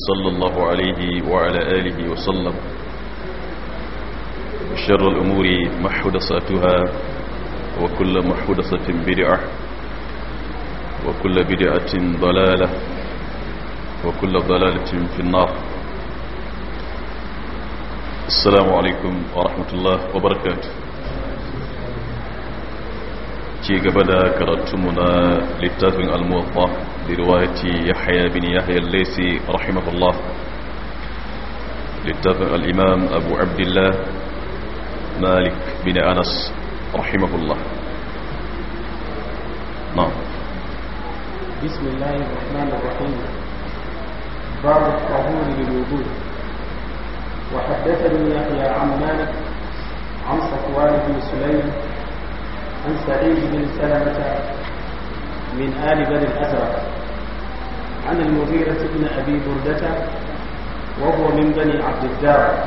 صلى الله عليه وعلى آله وسلم شر الأمور محدثاتها وكل محدثة بدعة وكل بدعة ضلالة وكل ضلالة في النار السلام عليكم ورحمة الله وبركاته ci gaba da karatunmu na littafin al-muwatta bi riwayati yahya bin yahya al-laysi rahimahullah littafin al-imam abu abdullah malik bin anas rahimahullah na bismillahir rahmanir rahim باب الطهور للوضوء وحدثني يحيى عن مالك عن صفوان بن سليم عن سعيد بن سلمة من آل بني الأزرق عن المغيرة بن أبي بردة وهو من بني عبد الدار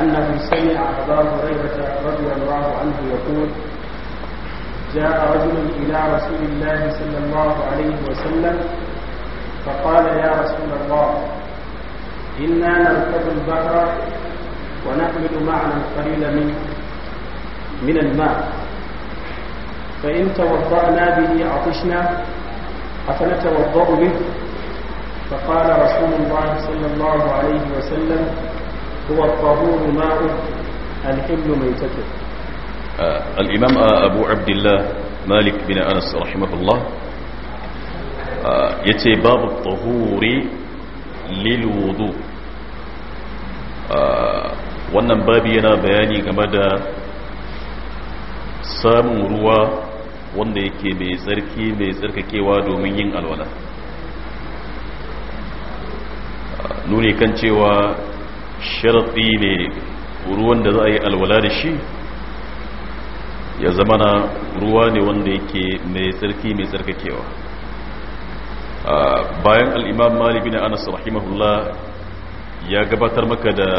أنه سمع أبا هريرة رضي الله عنه يقول جاء رجل إلى رسول الله صلى الله عليه وسلم فقال يا رسول الله إنا نركب البحر ونحمل معنا القليل من من الماء فإن توضأنا به عطشنا أفنتوضأ به فقال رسول الله صلى الله عليه وسلم هو الطهور ماؤه الحل ميتته آه الإمام أبو عبد الله مالك بن أنس رحمه الله آه يتي باب الطهور للوضوء آه wannan babi yana bayani game da samun ruwa wanda yake mai tsarki mai tsarkakewa domin yin alwala nuni kan cewa sharaɗi ne ruwan da za a yi alwala da shi ya zama na ruwa ne wanda yake mai tsarki mai tsarkakewa bayan al'imam malibi na anas rahimahullah ya gabatar maka da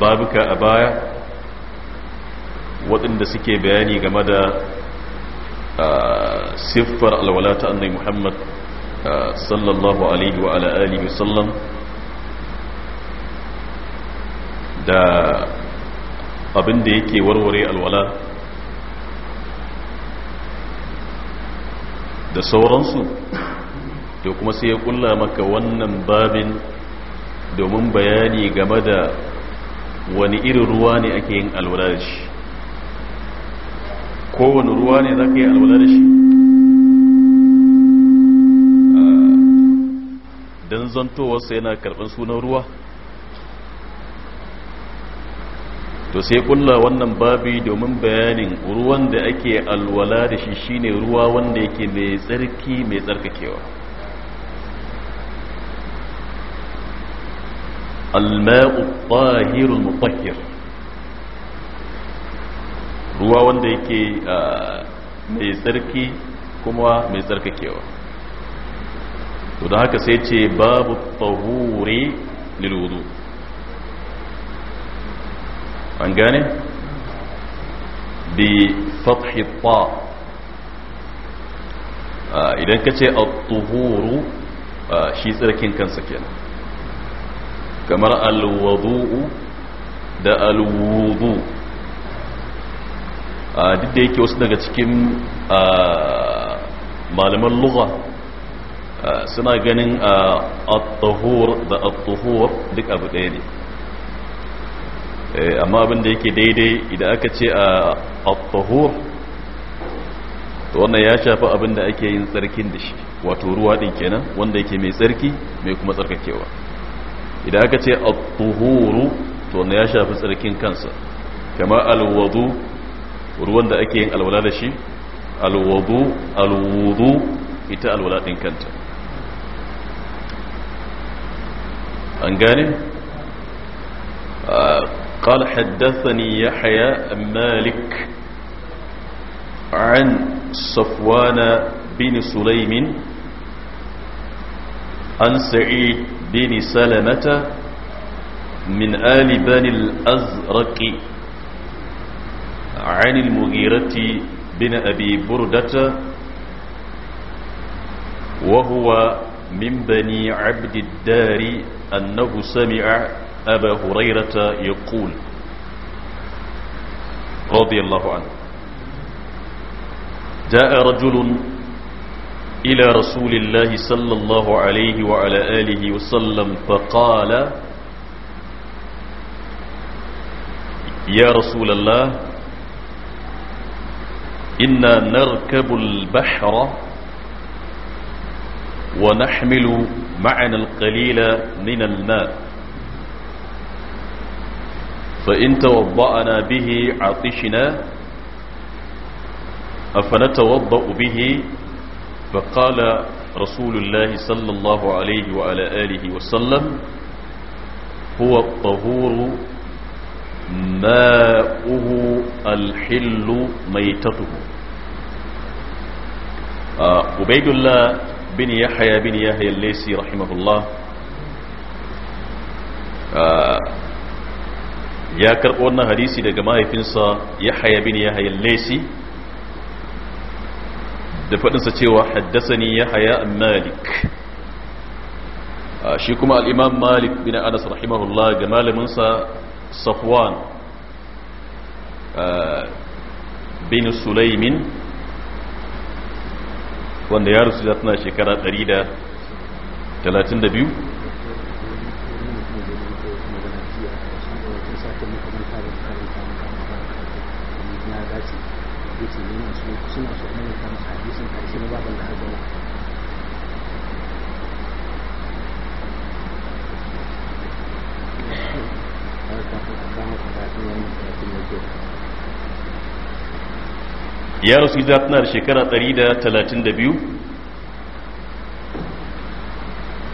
babuka a baya waɗanda suke bayani game da siffar alwala ta annai muhammad sallallahu alaihi wa alihi da abinda yake warware alwala da sauransu da kuma sai ya kulla maka wannan babin domin bayani game da wani irin ruwa ne ake yin alwala da shi kowane ruwa ne za ka yi alwala da shi ah, don zantowarsa yana karɓar sunan ruwa to sai kulla wannan babi domin bayanin ruwan da ake alwala da shi shine ruwa wanda yake mai tsarki mai tsarkakewa alma'u tahirul mutahhir ruwa wanda yake ah, mai tsarki kuma mai tsarkakewa to da haka sai ce babu tahuri lilwudu an gane bi fathi ah, idan ka ce at-tuhuru ah, shi tsarkin kansa kenan kamar al-wudu'u da al duk da yake wasu daga cikin malaman lura suna ganin a tahur da a tuhur duk abu ɗaya ne e, amma abin da yake daidai idan aka ce a tahur to wannan ya shafi abin da ake yin tsarkin da shi wato ruwa din kenan wanda yake mai tsarki mai kuma tsarkakewa idan aka ce a tuhuru to wannan ya shafi tsarkin kansa kamar alwadu. ruwan da ake yin alwala da shi alwudu alwudu ita alwala din kanta an gane قال حدثني يحيى مالك عن صفوان بن سليم عن سعيد بن سلمة من آل بني الأزرق عن المغيرة بن أبي بردة وهو من بني عبد الدار أنه سمع أبا هريرة يقول رضي الله عنه جاء رجل إلى رسول الله صلى الله عليه وعلى آله وسلم فقال يا رسول الله إنا نركب البحر ونحمل معنا القليل من الماء فإن توضأنا به عطشنا أفنتوضأ به فقال رسول الله صلى الله عليه وعلى آله وسلم هو الطهور ma'uhu alhillu maitatuhu ubaidullah bin yahya bin yahya al ya karɓo wannan hadisi daga mahaifinsa yahya bin yahya al-laysi da faɗinsa cewa haddasani yahya malik shi kuma al-imam malik bin anas rahimahullah ga malaminsa صفوان بن سليم wanda ya rasu da tana shekara 132 suna su ne kan hadisin karshe na babin da ya rasu hijira tana da shekara 132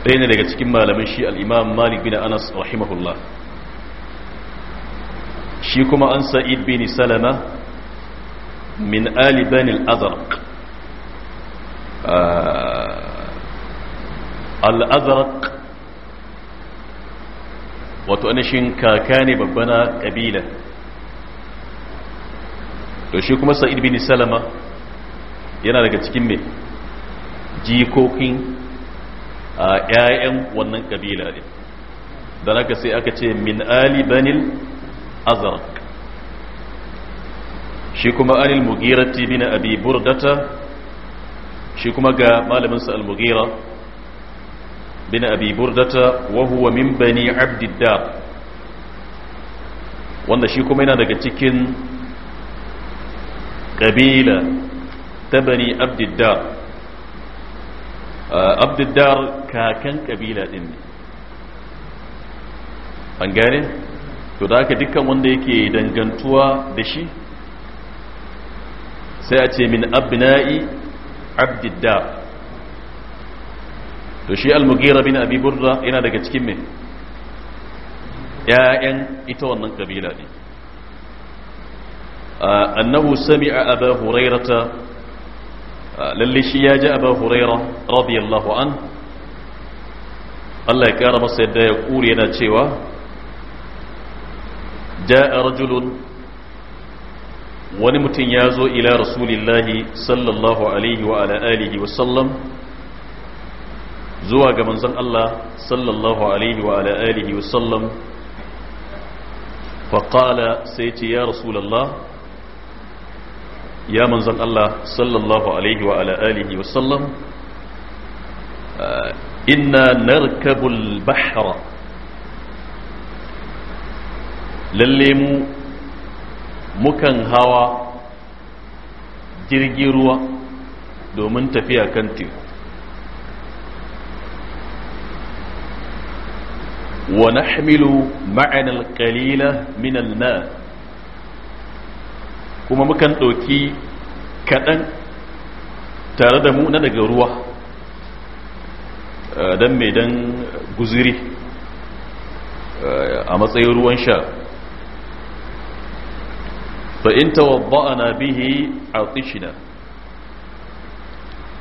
ɗaya ne daga cikin malamin shi al'imam malik bin anas rahimahullah shi kuma an sa'id bin salama min ali banil azarq al-azarq ah, wato anashin kaka ne babbana ƙabila to shi kuma sa'id bin salama yana daga cikin mai jikokin a ƴaƴan wannan kabila ne da haka sai aka ce min ali banil azraq shi kuma anil mugirati bin abi burdata shi kuma ga malaminsa al mughira bin abi burdata wa huwa min bani abdiddar wanda shi kuma yana daga cikin ƙabila ta bani abdiddar abdiddar kakan ƙabila ɗin ne an gane to da haka dukkan wanda yake dangantuwa da shi sai a ce min abna'i abdiddar to shi al bin abi burra yana daga cikin me ya'yan ita wannan ƙabila ɗin annahu sami'a aba hurairata lalle shi ya ji aba huraira radiyallahu an Allah ya kara masa yadda ya kuri yana cewa ja'a rajulun wani mutum ya zo ila rasulillahi sallallahu alaihi wa ala alihi wa sallam zuwa ga manzon Allah sallallahu alaihi wa ala alihi wa sallam faqala sai ce ya rasulallah ya manzon Allah sallallahu alaihi wa ala alihi wa sallam ah, inna narkabul bahra lalle mu mukan hawa jirgin ruwa domin tafiya kan teku ونحمل معنا القليل من الماء kuma mukan ɗauki kaɗan tare da mu na daga ruwa eh, don mai don guziri eh, a matsayin ruwan sha ba in na bihi a tsishina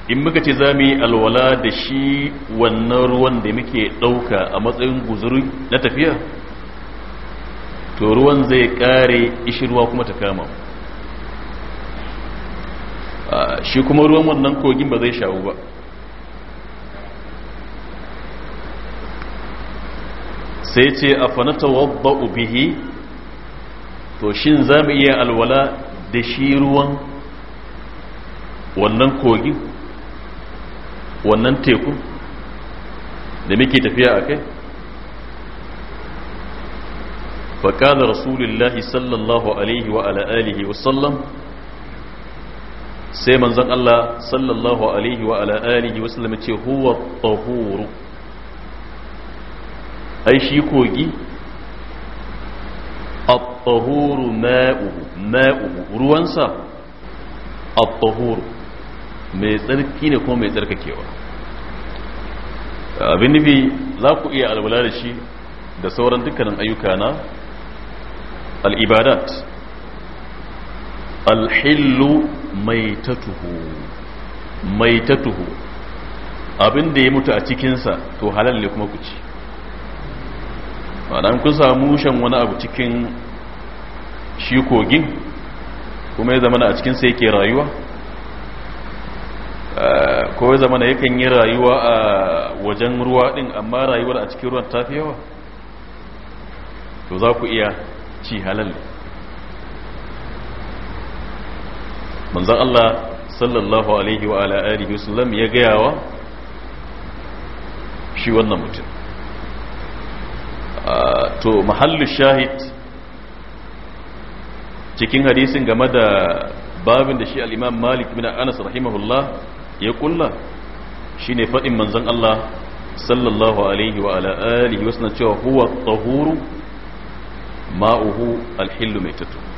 in muka ce za mu yi alwala da shi wannan ruwan da muke ɗauka a matsayin guzuri na tafiya to ruwan zai ƙare ishirwa kuma ta kama shi kuma ruwan wannan kogin ba zai shawu ba sai ce a fanata wadda ubihi to shin za mu iya alwala da shi ruwan wannan kogin wannan teku da muke tafiya a kai faƙalar rasulullahi sallallahu alaihi wa ala alihi wasallam sai manzon Allah sallallahu alaihi wa ala alihi wa sallam ce huwa tahuru ai shi kogi at-tahuru ma'uhu ma'uhu ruwansa at-tahuru mai tsarki ne kuma mai tsarkakewa abin nufi za ku iya alwala da shi da sauran dukkanin ayyuka na al-ibadat alhillu maitatuhu maitatuhu abin da ya mutu a cikinsa to halal ne kuma ku ci ma'ana kun samu shan wani abu cikin shi kogin kuma ya zamana a cikinsa yake rayuwa eh, ko ya zamana yakan yi rayuwa a wajen ruwa din amma rayuwar a cikin ruwan ta fi yawa to za ku iya ci halal ne manzon Allah sallallahu alaihi wa ala alihi wasallam ya gaya wa shi wannan mutum to mahallu shahid cikin hadisin game da babin da shi al malik bin anas rahimahullah ya kulla shine fadin manzan Allah sallallahu alaihi wa ala alihi wasallam cewa huwa tahuru ma'uhu alhillu mai tattu.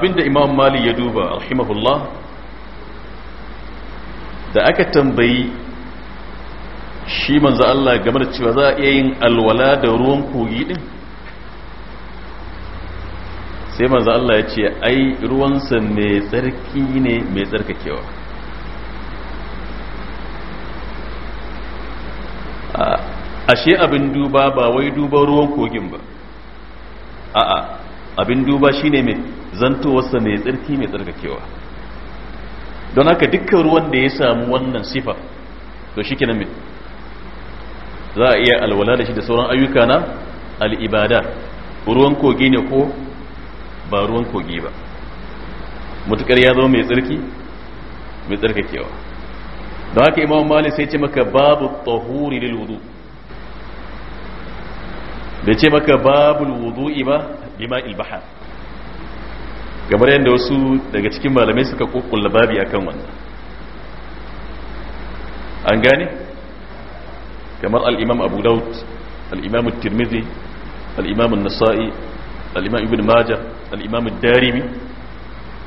abinda imam mali ya duba alhimahullah da aka tambayi shi manzo Allah game da cewa za a iya yin alwala da ruwan kogi din sai manzo Allah ya ce ai ruwan sa mai tsarki ne mai tsarkakewa ashe abin duba ba wai duba ruwan kogin ba a'a abin duba shine mai zantowarsa mai tsarki mai tsarkakewa don haka dukkan ruwan da ya samu wannan sifa to shi kenan za a iya alwala da shi da sauran ayyuka na al'ibada ruwan kogi ne ko ba ruwan kogi ba mutukar ya zama mai tsarki mai tsarkakewa don haka imam malik sai ce maka babu tahuri lil wudu bai ce maka babu wudu'i ba bima ilbahar kamar yadda wasu daga cikin malamai suka kokulla babi akan wannan an gane kamar al'imam abu daud al tirmidhi al nasai ibn majah al darimi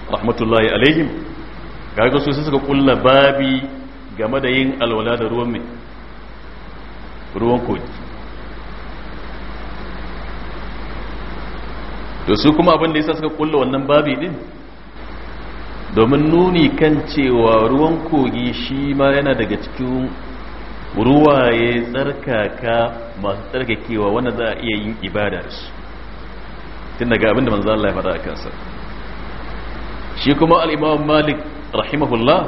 rahmatullahi alaihim kaga su suka kulla babi game da yin alwala da ruwan mai ruwan koji. to su kuma abin da yasa suka kulla wannan babi din domin nuni kan cewa ruwan kogi shi ma yana daga cikin ruwaye tsarkaka masu tsarkakewa wanda za a iya yin ibada da su tun daga abin da manzo Allah ya faɗa a kansa shi kuma al-Imam Malik rahimahullah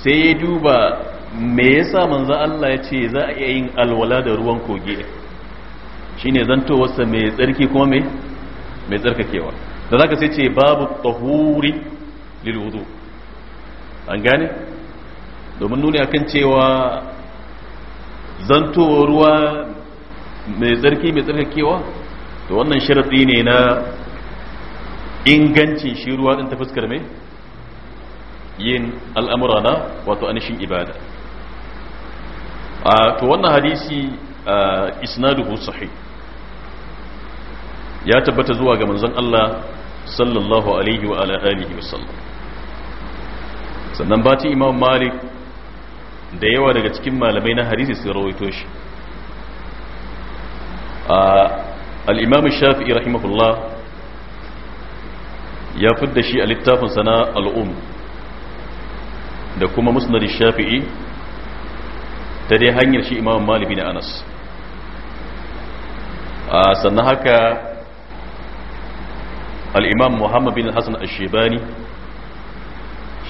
sai ya duba me yasa manzo Allah ya ce za a iya yin alwala da ruwan kogi shine wasa mai tsarki kuma mai mai tsarkakewa da ka sai ce babu tahuri lil wudu an gane domin nuni akan cewa zantowar ruwa mai tsarki mai tsarkakewa to wannan sharadi ne na ingancin shi ruwa din ta fuskar mai yin al'amura na wato anishin ibada to wannan hadisi isnaduhu sahih ya tabbata zuwa ga manzon Allah sallallahu alaihi wa alihi wasallam sannan bati imam malik da yawa daga cikin malamai na hadisi sun rawaito shi al-imam shafi'i rahimahullah ya fidda shi a littafin sana al'um da kuma musnad shafi'i ta dai hanyar shi imam malik bin anas sannan haka al'imam muhammad bin hassan ashebani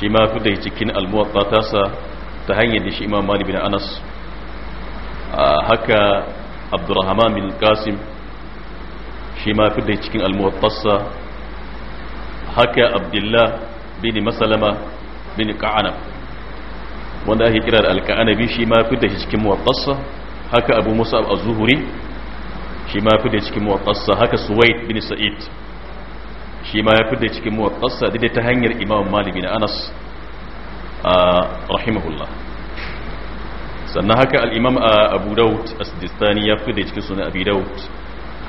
shi ma fi da cikin almuwatta tasa ta hanyar da shi imam mali bin anas haka abdurrahman bin qasim shi ma fi da cikin almuwattarsa haka abdullah bin masalama bin ka'anab wanda ake kira da alka'anabi shi ma fi da shi cikin muwattarsa haka abu musa al-zuhuri shi ma fi da cikin muwattarsa haka suwaid bin sa'id shi ma ya fidda cikin muwattasa da ta hanyar imam maliki na anas a rahimahullah sannan haka al'imam a abu daud a sidistani ya fidda cikin suna abu daud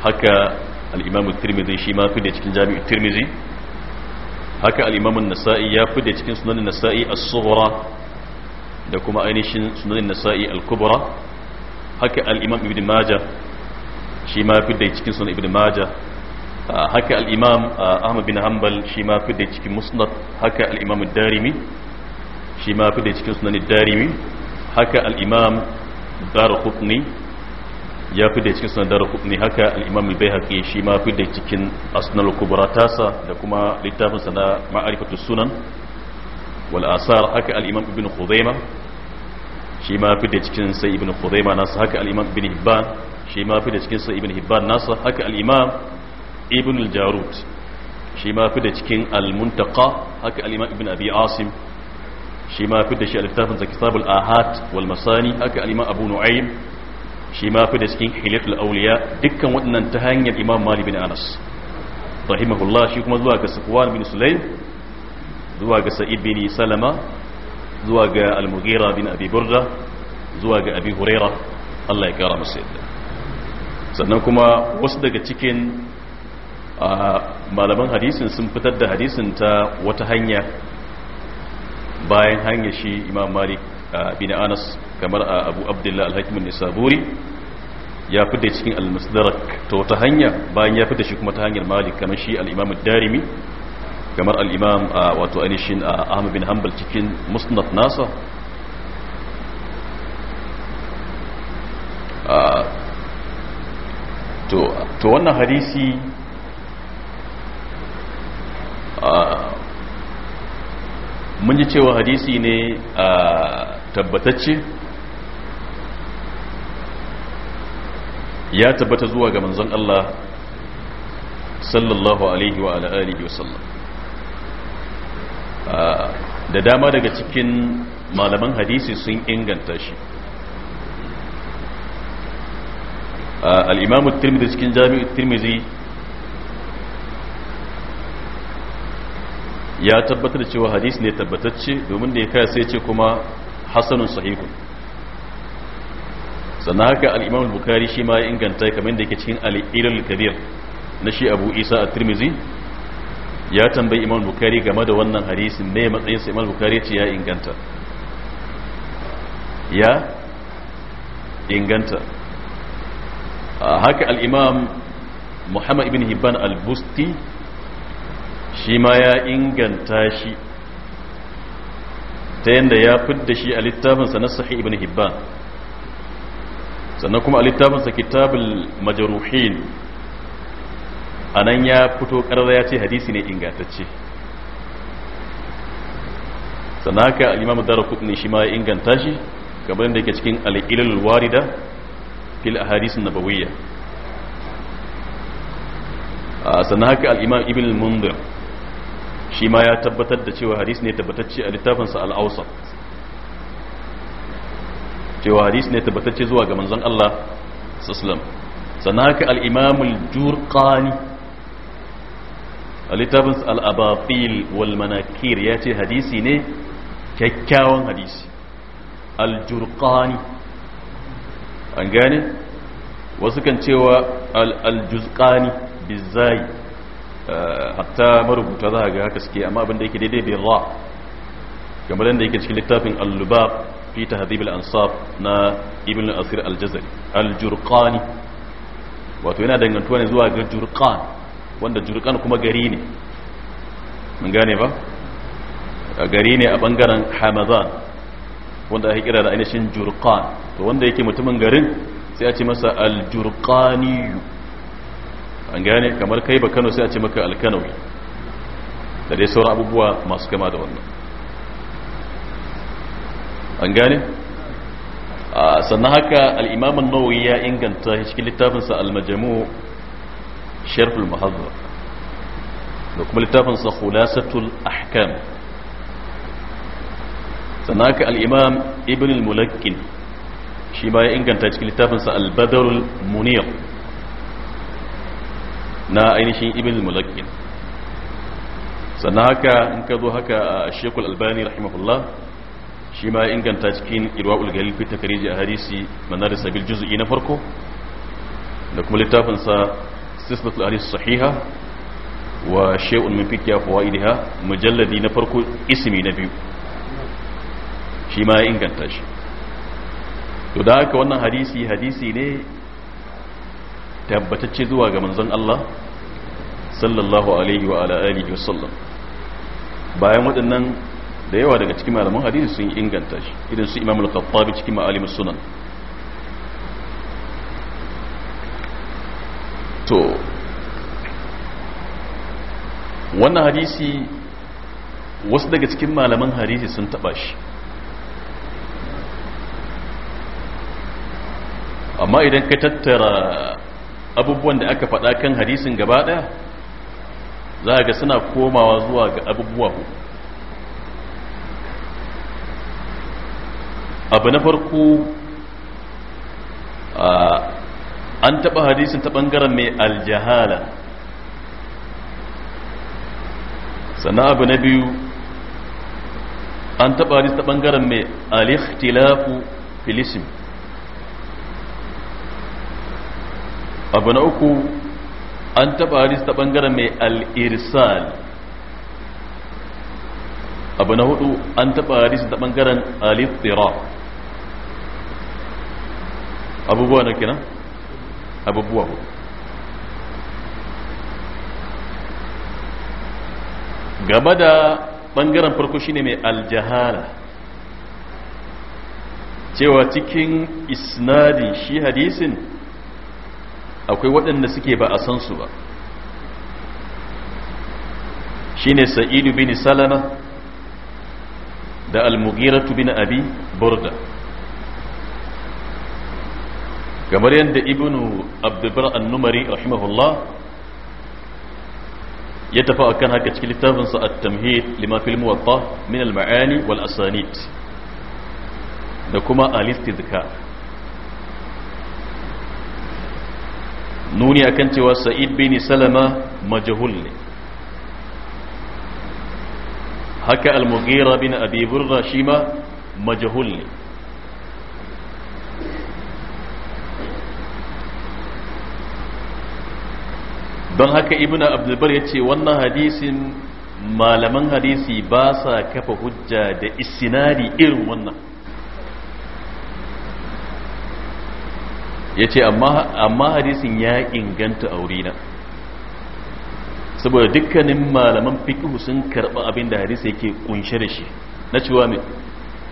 haka al'imam tirmizi shi ma fidda cikin jami'ar tirmizi haka al'imam nasa'i ya fidda cikin sunan nasa'i a suhura da kuma ainihin sunan nasa'i al-kubra haka al'imam ibn majah shi ma fidda cikin sunan ibn majah haka al'imam ahmad bin hanbal shi ma fi cikin musnad haka al'imam darimi shi ma fi cikin sunan darimi haka al'imam dara kutni ya fi da cikin sunan dara kutni haka al'imam bai haƙi shi ma fi da cikin asnal kubra tasa da kuma littafinsa na ma'arifatu sunan asar haka al'imam ibn khuzaima shi ma fi cikin sai ibn khuzaima nasa haka al'imam ibn hibban shi ma fi cikin sai ibn hibban nasa haka al'imam ibn al-jarud shi ma fi da cikin al-muntaka haka al-imam ibn abi asim shi ma fi da shi al-littafin sa kitabul ahad wal masani haka al-imam abu nu'aym shi ma fi da cikin hilatul awliya dukkan waɗannan ta hanyar imam malik bin anas rahimahullah shi kuma zuwa ga sufwan bin sulaym zuwa ga sa'id bin salama zuwa ga al-mughira bin abi burda zuwa ga abi huraira Allah ya kara masa yadda sannan kuma wasu daga cikin malaman hadisin sun fitar da hadisin ta wata hanya bayan hanya shi imam malik bin anas kamar abu abdullahi alhakimin nisaburi ya fi da cikin almasdarak ta wata hanya bayan ya fi da shi kuma ta hanyar malik kamar shi al'imam darimi kamar al'imam wato anishin ahmad bin hanbal cikin musnad nasa to wannan hadisi mun ji cewa hadisi ne tabbatacce ya tabbata zuwa ga manzon Allah sallallahu alaihi wa alihi wasallam da dama daga cikin malaman hadisi sun inganta shi al-imamu tirmidhi cikin jami'u tirmidhi ya tabbatar cewa hadisi ne tabbatacce domin da ya kaya sai ce kuma hasanun sahihu sannan haka al'imam bukari shi ma ya inganta kamar da yake cikin al'irar kabir na shi abu isa a tirmizi ya tambayi imam bukari game da wannan hadisin ne matsayinsa imam bukari ce ya inganta ya inganta haka al'imam muhammad ibn hibban al-busti shi ma ya inganta shi ta yadda ya fidda shi a littafinsa na sahi ibn hibban sannan kuma a littafinsa kitabul majaruhin a nan ya fito ƙarar ya ce hadisi ne ingantacce sannan haka imam dara kudin shi ma ya inganta shi kamar da yake cikin al'ilal warida fil ahadis nabawiyya sannan haka al'imam ibn mundir shi ma ya tabbatar da cewa hadis ne tabbatacce a littafinsa al'ausa cewa hadis ne tabbatacce zuwa ga manzon Allah sallam sannan haka al'imamul jurqani a littafinsa al'abafil wal manakir ya ce hadisi ne kyakkyawan hadisi al-jurqani an gane wasu kan cewa al-juzqani bizayi Eh, hatta marubuta za a ga haka suke amma abinda yake daidai bin ra kamar da yake cikin littafin al-lubab fi tahdhib al-ansab na ibn al-asir al-jazari al-jurqani wato yana dangantuwa ne zuwa ga jurqan wanda jurqan kuma gari ne mun gane ba gari ne a bangaren hamadan wanda ake kira da ainihin jurqan to wanda yake mutumin garin sai a ce masa al-jurqaniyu an gane kamar kai ba kano sai a ce maka alkanawi da dai sauran abubuwa masu kama da wannan an gane sannan haka al'imamin nawawi ya inganta cikin littafinsa almajamu sharful mahazza da kuma littafinsa khulasatul ahkam sannan haka al'imam ibn al-mulakkin shi ma ya inganta cikin littafinsa albadarul muniyar na ainihin ibn mulakin sannan haka in ka zo haka a shekul albani rahimahullah shi ma inganta cikin irwa'ul galil fi takariji a hadisi manar sabil juz'i na farko da kuma littafin sa al hadis sahiha wa shay'un min fikya fawaidiha mujalladi na farko ismi na biyu shi ma inganta shi to da haka wannan hadisi hadisi ne tabbatacce zuwa ga manzon Allah sallallahu alaihi wa ala alihi wasallam bayan waɗannan da yawa daga cikin malaman hadisi sun inganta shi irin su imamul al-Qattabi cikin ma'alim sunan to wannan hadisi wasu daga cikin malaman hadisi sun taba shi amma idan ka tattara abubuwan da aka faɗa kan hadisin gaba ɗaya za ga suna komawa zuwa ga abubuwa abu na farko an taɓa hadisin ta ɓangaren mai aljahala sannan abu na biyu an taɓa hadisin ta ɓangaren mai alikhtilafu filisim abu na uku an taɓa hadis ta ɓangaren mai al'irsal abu na hudu an taɓa hadis ta ɓangaren alittira abubuwa na kina abubuwa hudu gaba da ɓangaren farko shine mai aljahala cewa cikin isnadi shi hadisin akwai waɗanda suke ba a san su ba shine sa'idu bin salama da al-mughiratu bin abi burda kamar yadda ibnu abdulbar annumari rahimahullah ya tafi akan haka cikin littafinsa a tamhid lima fil muwatta min al-ma'ani wal asanid da kuma al-istidkar nuni akan cewa sa'id bin salama majhul ne haka al-mughira bin abi burra shi majhul ne don haka ibnu abdulbar yace wannan hadisin malaman hadisi ba sa kafa hujja da isnadi irin wannan ya ce amma hadisin ya inganta a wurina saboda dukkanin malaman fikihu sun karɓi abin da hadisa yake kunshe da shi na cewa mai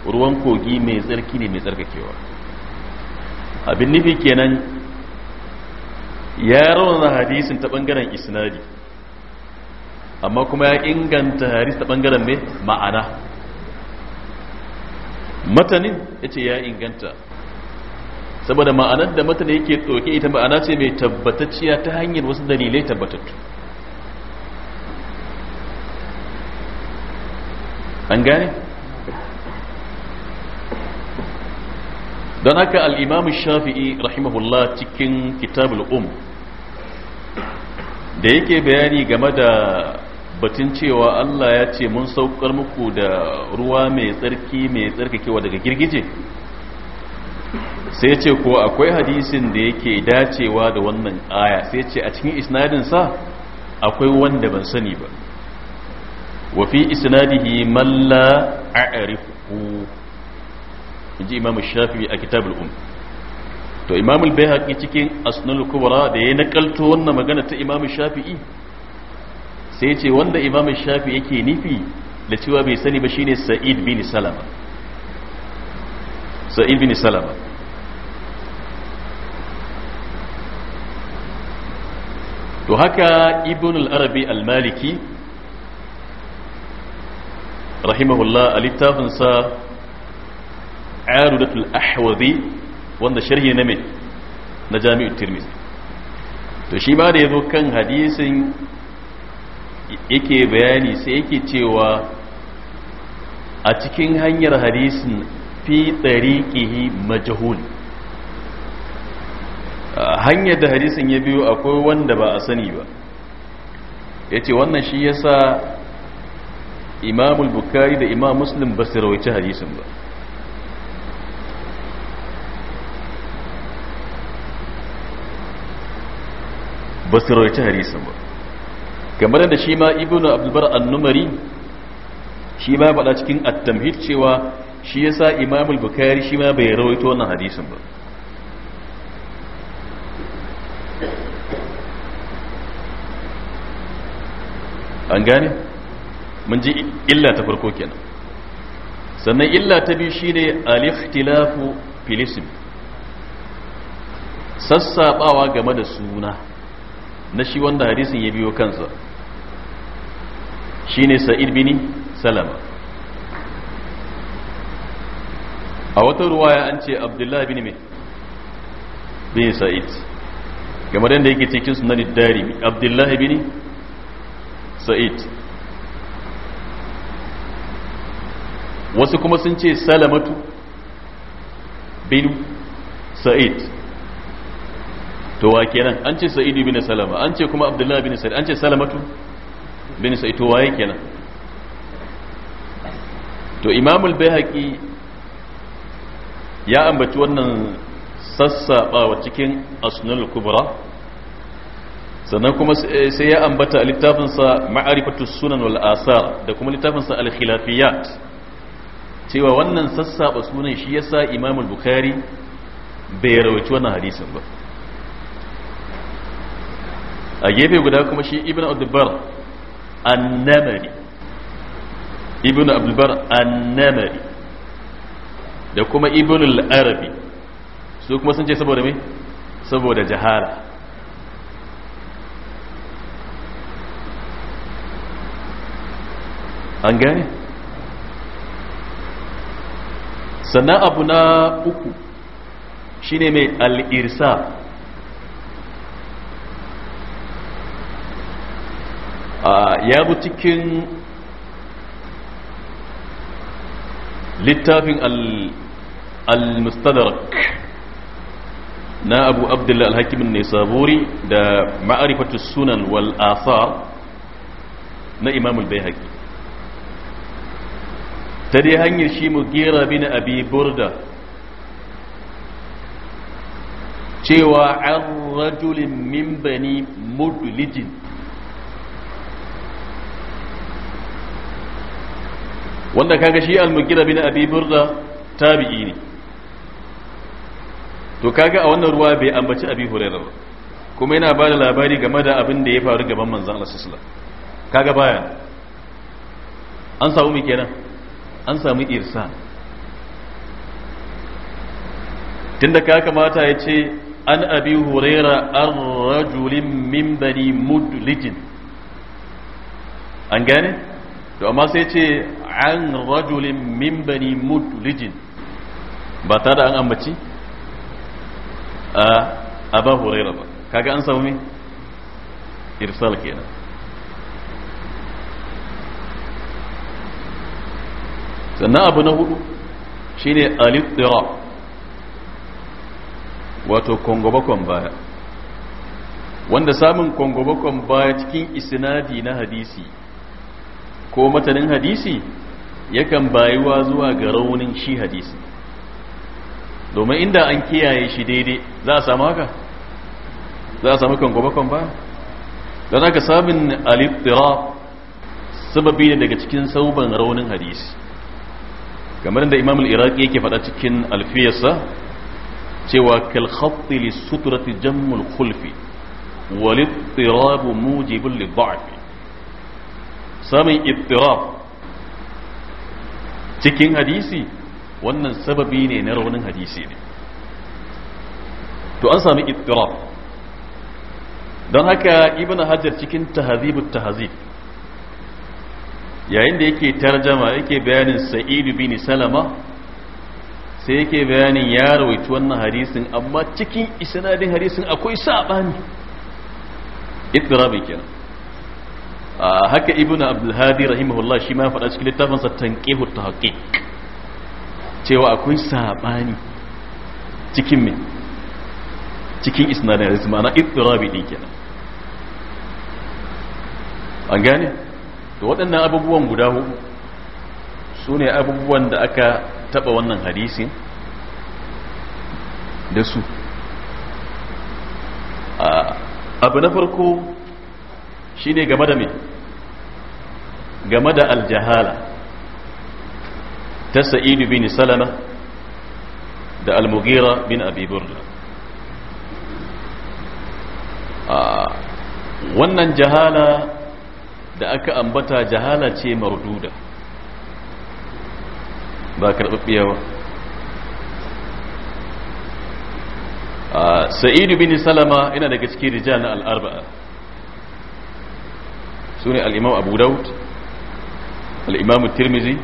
ruwan kogi mai tsarki ne mai tsarkakewa abin nufi kenan ya raunana hadisin ta ɓangaren isnadi amma kuma ya inganta hadis ta ɓangaren mai ma'ana matanin ya ce ya inganta saboda ma'anar da mutane yake tsoke ita ma'ana ce mai tabbatacciya ta hanyar wasu dalilai tabbatattu an gane don haka al'imamu shafi'i rahimahullah cikin kitabul um da yake bayani game da batun cewa Allah ya ce mun saukar muku da ruwa mai tsarki mai tsarkakewa daga girgije sai ce ko akwai hadisin da yake dacewa da wannan aya sai ce a cikin isnadinsa akwai wanda ban sani ba wa fi isnadihi man la a'rifu inji imam shafi'i a kitabul um to imam al-baihaqi cikin asnul kubra da ya nakalto wannan magana ta imam shafi'i sai ce wanda imam shafi'i yake nufi da cewa bai sani ba shine sa'id bin salama sa'id bin salama to haka ibn al-arabi al-maliki rahimahullah a littafinsa arudatul ahwazi wanda sharhi na mai na jami'ul tirmizi to shi ma da ya zo kan hadisin yake bayani sai yake cewa a cikin hanyar hadisin fi tsariƙihi majahuli hanyar da hadisin ya biyo akwai wanda ba a sani ba ya ce wannan shi ya sa imamul bukari da imam muslim ba su rawaici hadisin ba ba su rawaici hadisin ba kamar da shi ma ibn abdulbar annumari shi ma faɗa cikin at-tamhid cewa shi ya sa imamul bukari shi ma bai rawaito wannan hadisin ba an gane mun ji illa ta farko kenan sannan illa ta biyu shine al-ikhtilafu fil ism sassabawa game da suna na shi wanda hadisin ya biyo kansa shine sa'id bin salama a wata ruwaya an ce abdullahi bin me bin sa'id game da yake cikin sunan darimi abdullahi bin sa'id wasu kuma sun ce salamatu bin sa'id to wa kenan an ce sa'idu bin salama an ce kuma abdullahi bin sa'id an ce salamatu bin sa'id to waye kenan to imamul bayhaqi ya ambaci wannan sassaɓawa cikin asnul kubra sannan kuma eh, sai ya ambata a littafinsa ma'arifatus sunan wal asar da kuma littafinsa al khilafiyat cewa wannan sassaba sunan shi yasa imam al-bukhari bai rawaci wannan hadisin ba a gefe guda kuma shi ibn abdulbar annamari ibn abdulbar annamari da kuma ibn al-arabi su kuma sun ce saboda me saboda jahala an gane sannan abu na uku shine mai al'irsa ya bu cikin littafin al-mustadrak na abu abdullahi al-hakimin ne saburi da ma'arifatu sunan wal asar na imamul bai haƙi ta dai hanyar shi mugera bin abi burda cewa an rajulin min bani mudlijin wanda kaga shi al-mugira bin abi burda tabi'i ne to kaga a wannan ruwa bai ambaci abi hurairar kuma yana ba da labari game da abin da ya faru gaban manzan Allah sallallahu kaga bayan an samu mai kenan an samu irsa tunda ka kamata ya ce an abi huraira an rajulin min bani mudlijin an gane to amma sai ce an rajulin min bani mudlijin ba ta da an ambaci a ba huraira ba kaga an samu irsal kenan sannan abu na hudu shine alittira wato kongobakon baya wanda samun kongobakon baya cikin isinadi na hadisi ko matanin hadisi yakan bayuwa zuwa ga raunin shi hadisi domin inda an kiyaye shi daidai za a samu haka za a samu kongobakon baya don haka samun alittira sababi ne daga cikin sauban raunin hadisi kamar da imam al yake faɗa cikin alfiyarsa cewa kal khatti li suturati jammul khulfi wal ittirab mujibun li dha'f samun ittirab cikin hadisi wannan sababi ne na raunin hadisi ne to an sami ittirab don haka ibn hajar cikin tahazibut tahzib yayin da yake tarjama yake bayanin sa'idu bin salama sai yake bayanin ya rawaitu wannan hadisin amma cikin isnadin hadisin akwai sabani idrabi kenan haka ibnu abdul hadi rahimahullah shi ma faɗa cikin littafin sa tanqihu tahqiq cewa akwai sabani cikin me cikin isnadin hadisin ma'ana idrabi din kenan an gane to waɗannan abubuwan guda hudu su ne abubuwan da aka taɓa wannan hadisin da su abu na farko shi ne game da me game da aljahala ta sa'idu bin salama da almugira bin abiburla wannan jahala da aka ambata jahala ce marduda ba karɓaɓɓiya ba sa'idu bin salama yana daga cikin rija na al'arba'a su ne al'imam abu daud al'imam tirmizi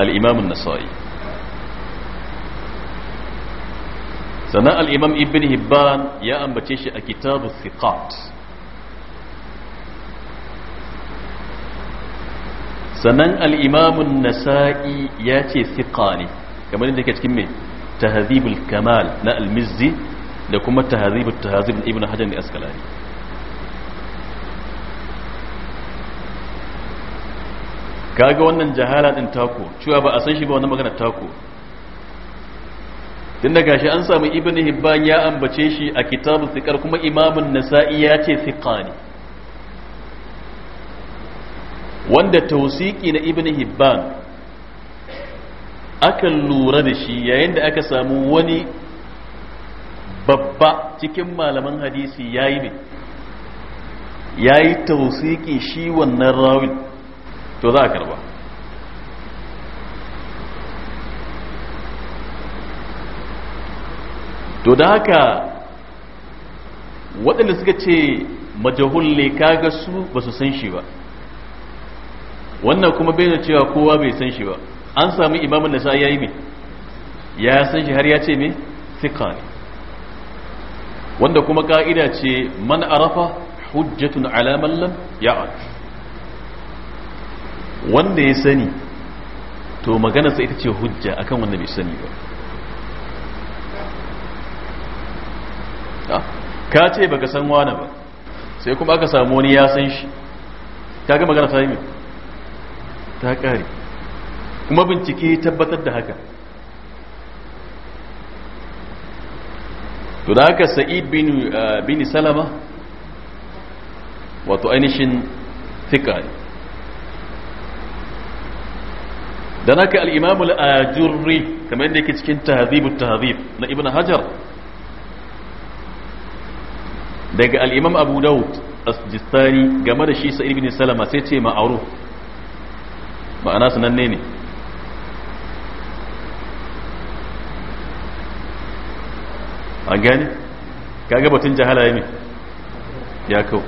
al'imam nasa'i sannan al'imam ibn hibban ya ambace shi a kitabu thiqat sannan al'imamun nasa'i ya ce siƙa ne kamar yadda ke cikin mai tahazibul kamal na almizzi da kuma tahazibul tahazib ibn hajjan da askalari kaga wannan jahala ɗin taku, cewa ba a san shi ba wannan magana taku. tun da gashi an samu ibn hibban ya ambace shi a kitabun siƙar kuma imamun nasa'i ya ce siƙa ne wanda tausiki na ibn hibban aka lura da shi yayin da aka samu wani babba cikin malaman hadisi ya yi ne ya yi tausiki shi wannan rawin to za a karba to da haka waɗanda suka ce majahul kaga su basu san shi ba wannan kuma bai da cewa kowa bai san shi ba an samu imamun nasa ya yi mai ya san shi har ya ce mai sika ne wanda kuma ka'ida ce man arafa hujjatun alaman lam ya'ad wanda ya sani to sai ita ce hujja akan wanda bai sani ba ah, ka ce baka san wani ba sai kuma aka samu wani ya san shi ta ga magana ta yi mai ta ƙare kuma bincike tabbatar da haka to da haka sa'id bin uh, salama wato ainihin thika dan haka al-imam al-ajurri kamar yadda yake cikin tahzib at-tahzib na ibn hajar daga al abu daud as game da shi sa'id bin salama sai ce ma'ruf ma'ana sananne ne an gani kaga batun jahala ne ya kawo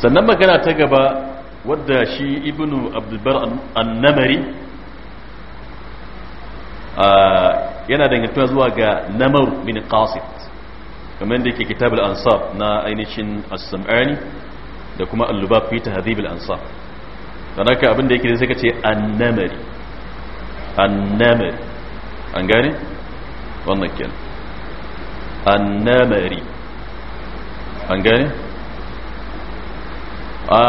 sannan magana ta gaba wadda shi ibnu abdulbar annamari yana dangantuwa zuwa ga namar min qasid kamar da yake kitab al-ansar na ainihin as-sam'ani da kuma al-lubab fi tahdhib al-ansar sannan ka abin da yake sai ka ce annamari annamari an gane wannan kenan annamari an gane a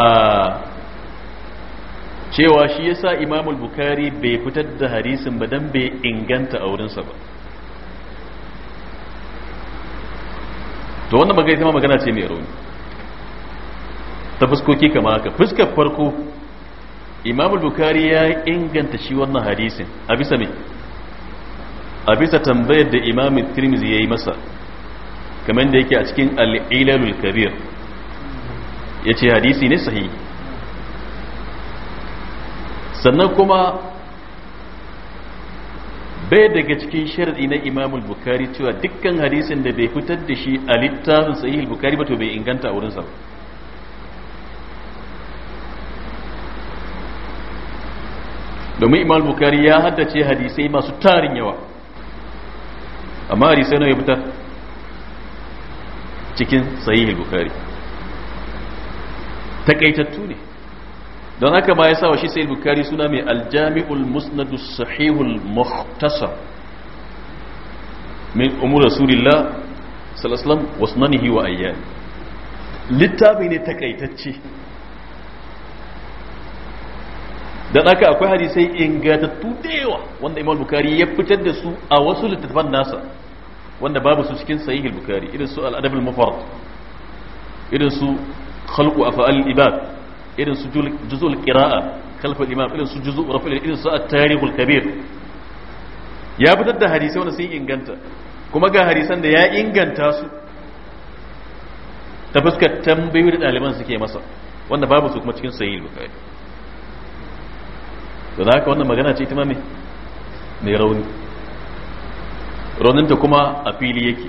cewa shi sa imamul bukari bai fitar da hadisin ba don bai inganta a wurinsa ba to wannan magana ita magana ce mai rauni ta fuskoki kama haka fuskar farko imam bukari ya inganta shi wannan hadisin a bisa me a bisa tambayar da imam al-tirmidhi ya yi masa kamar da yake a cikin al-ilalul kabir ya ce hadisi ne sahihi sannan kuma bai daga cikin sharadi na imamul bukari cewa dukkan hadisin da bai fitar da shi a littafin sahihul bukhari ba to bai inganta a wurinsa ba domin imam bukari ya haddace hadisai masu tarin yawa amma hadisai na ya fita cikin sahih bukari takaitattu ne don haka ma ya sa wa shi sahih bukari suna mai aljami'ul Musnadu sahihul muhtasar min umur rasulillah sallallahu alaihi wasallam wa ayyami littafi ne takaitacce dan haka akwai hadisai ingantattu da yawa wanda imam bukari ya fitar da su a wasu littattafan nasa wanda babu su cikin sahih bukari irin su al-adab al-mufrad irin su khalqu afal ibad irin su al qira'a khalf al-imam irin su juzul rafi irin su at-tarikh al-kabir ya fitar da hadisai wanda sun inganta kuma ga hadisan da ya inganta su ta fuskar tambayoyi da ɗaliban suke masa wanda babu su kuma cikin sahih bukari to da haka wannan magana ce ita ma me mai rauni rauninta kuma a fili yake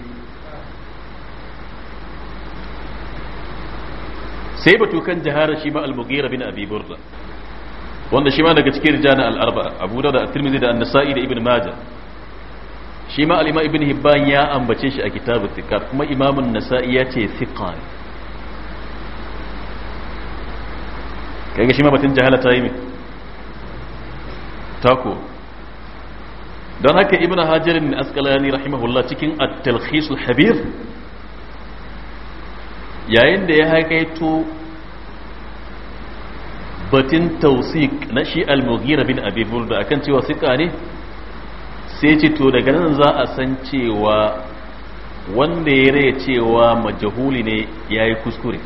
sai batu kan jihara shi ba al-mughira bin abi burda wanda shi ma daga cikin rijana al-arba'a abu da at-tirmidhi da an-nasa'i da ibn majah shi ma al-imam ibn hibban ya ambace shi a kitabut tikar kuma imam an-nasa'i ya ce thiqan kaga shi ma batun jahala ta yi mai tako don haka ibn hajar ne askalani rahimahullah cikin at-talkhis habir yayin da ya haƙaito batin tausik na shi al-mughira bin Abibul da akan cewa sika ne sai ce to daga nan za a san cewa wanda ya raya cewa majahuli ne ya yi kuskure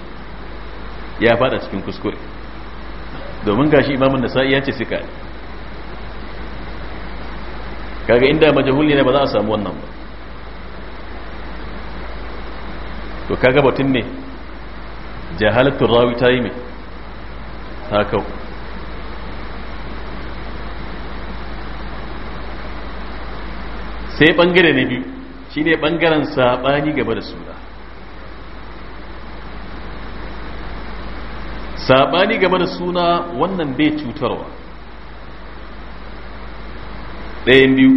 ya fada cikin kuskure domin gashi imamun nasa'i ya ce sika ne kaga inda majahuli ne ba za a samu wannan ba to kaga batun ne jahalatun rawi ta yi mai ta kau sai bangare na biyu shi ne bangaren saɓani gaba da suna saɓani gaba da suna wannan bai cutarwa ɗayan biyu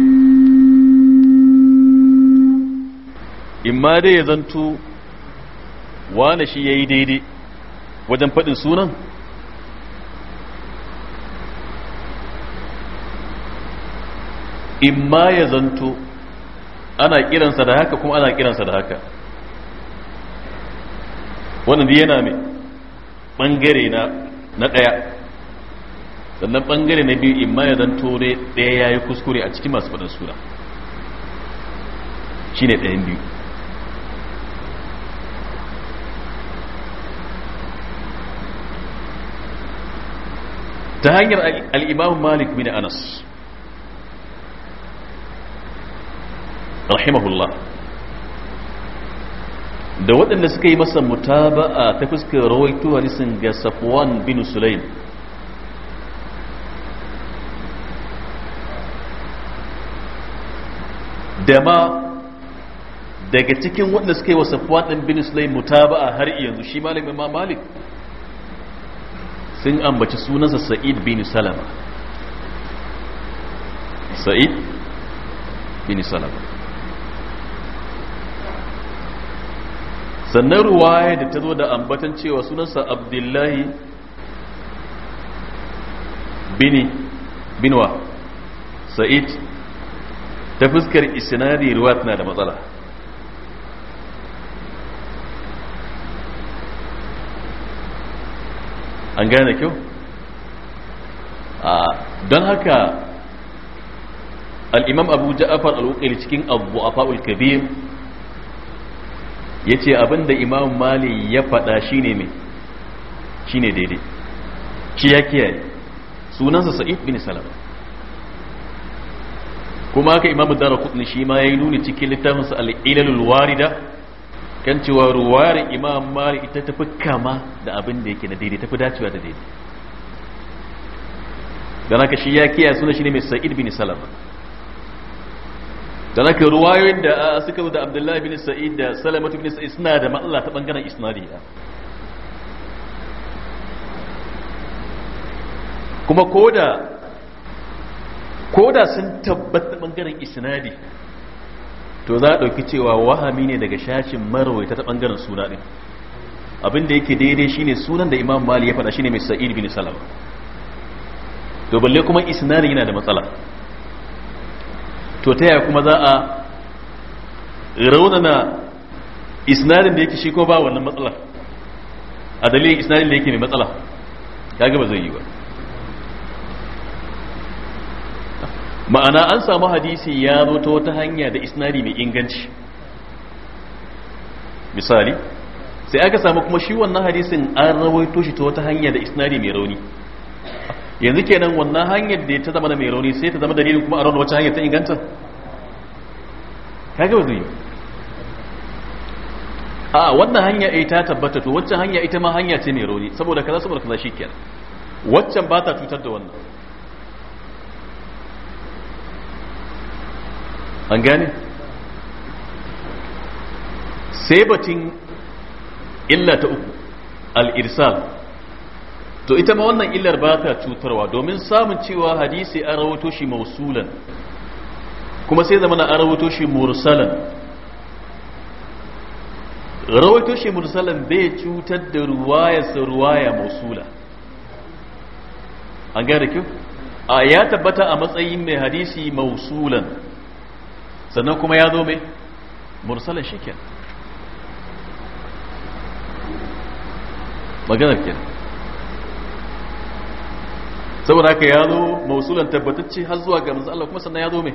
imma dai ya zanto wane shi ya yi daidai wajen faɗin sunan imma ya zanto ana kiransa da haka kuma ana kiransa da haka wannan yana mai ɓangare na ɗaya sannan bangare na biyu imma ya zanto ɗaya ya yi kuskure a cikin masu faɗin sura shi ne ɗayan biyu ta hanyar al'imamu malik mini anas rahimahullah da waɗanda suka yi masa mutaba'a ta fuskar rawaito hadisin ga safwan bin sulaim da ma daga cikin waɗanda suka yi wa safuwan ɗan bin sulai mutaba'a har yanzu shi malik imam malik sun ambaci sunansa sa'id bin salama sa'id bin salama sannan ruwaya da ta zo da ambatan cewa sunansa abdullahi bin binwa sa'id ta fuskar isnadi ruwat na da matsala an gane kyau ah, don haka al'imam abu ja'afar al'ukali cikin abu a fa'ul kabir ya ce abinda imam mali ya faɗa shi ne mai ne daidai shi ya kiyaye sunansa sa'id bin salama kuma haka imam dara kutni shi ma ya yi nuni cikin littafinsa al'ilalul warida kan cewa ruwari imam mari ita tafi kama da abin da yake na daidai tafi dacewa da daidai don haka shi ya kiyaye suna shi ne mai sa'id bin salama don haka ruwayoyin da ah, suka da abdullahi bin sa'id da salamatu bin sa'id suna da matsala ta bangaren isnadiya kuma ko da ko da sun tabbata bangaren isnadi to za a ɗauki cewa wahami ne daga shashin marawaita ta bangaren suna ɗin abinda yake daidai shine sunan da imam mali ya faɗa shine mai sa'id bin salama to balle kuma isnadi yana da matsala to ta yaya kuma za a raunana isnadin da yake shi ko ba wannan matsala a dalilin isnadin da yake mai matsala kaga ba zai yi ba ma'ana an samu hadisi ya zo ta wata hanya da isnari mai inganci misali sai aka samu kuma shi wannan hadisin an rawaito shi ta wata hanya da isnari mai rauni yanzu kenan wannan hanyar da ta zama da mai rauni sai ta zama dalilin kuma a rauni wata hanyar ta inganta kaga ba zai a wannan hanya ai eh ta tabbata to waccan hanya ita ma hanya ce mai rauni saboda kaza saboda kaza shikenan waccan ba ta cutar da wannan an gane sai batun illa ta uku al’irsal to ita ma wannan illar ba ta cutarwa domin samun cewa hadisi an rawato shi mausulan kuma sai zamana an rawato shi mursalan rawato shi mursalan bai cutar da ruwayarsa ruwaya mausula an gane kyau a ya tabbata a matsayin mai hadisi mausulan sannan kuma ya zo mai mursala shi ke maganar kenan saboda haka ya zo mausulan tabbatacce har zuwa ga manzo Allah kuma sannan ya zo mai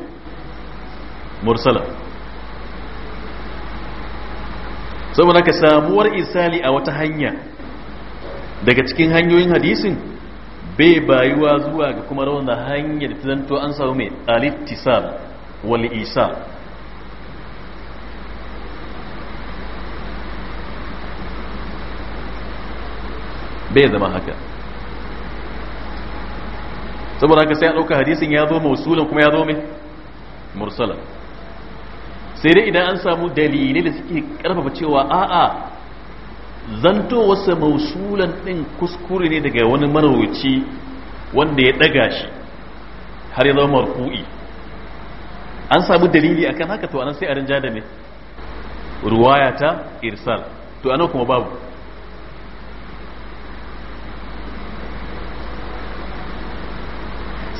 mursala saboda haka samuwar isali a wata hanya daga cikin hanyoyin hadisin bai bayuwa zuwa ga kuma rauna hanyar ta an samu mai alittisar Wani isa bai zama haka saboda haka sai a ɗauka hadisin ya zo mausulan kuma ya zo mai mursala sai dai idan an samu dalilai da suke karfafa cewa a'a zanto wasa mausulan ɗin kuskure ne daga wani marauci wanda ya ɗaga shi har ya zama marfu'i an samu dalili akan haka to anan sai a rinja da me ruwaya ta irsal to anan kuma babu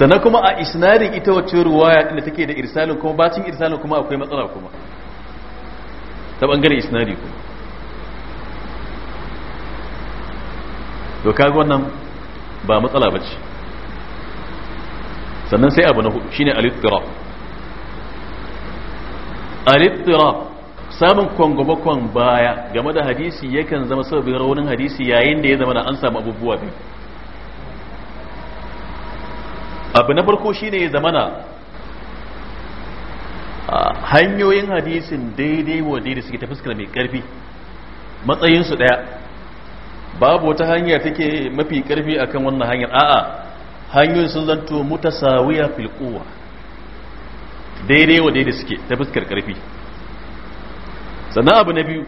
sannan kuma a isnadin ita wacce ruwaya din da take da irsalin kuma bacin irsalin kuma akwai matsala kuma ta bangare isnadi kuma to kaga wannan ba matsala bace sannan sai abu na hudu shine al-ittirab al samun kwangwabakon baya game da hadisi yakan zama sababin raunin hadisi yayin da ya zama an samu abubuwa biyu abu na farko shine ya zama hanyoyin hadisin daidai wa daidai suke ta fuskar mai karfi matsayinsu daya babu wata hanya take mafi karfi akan wannan hanyar a'a hanyoyin sun zanto mutasawiya fil filƙuwa. daidai wa daidai suke ta fuskar karfi sannan abu na biyu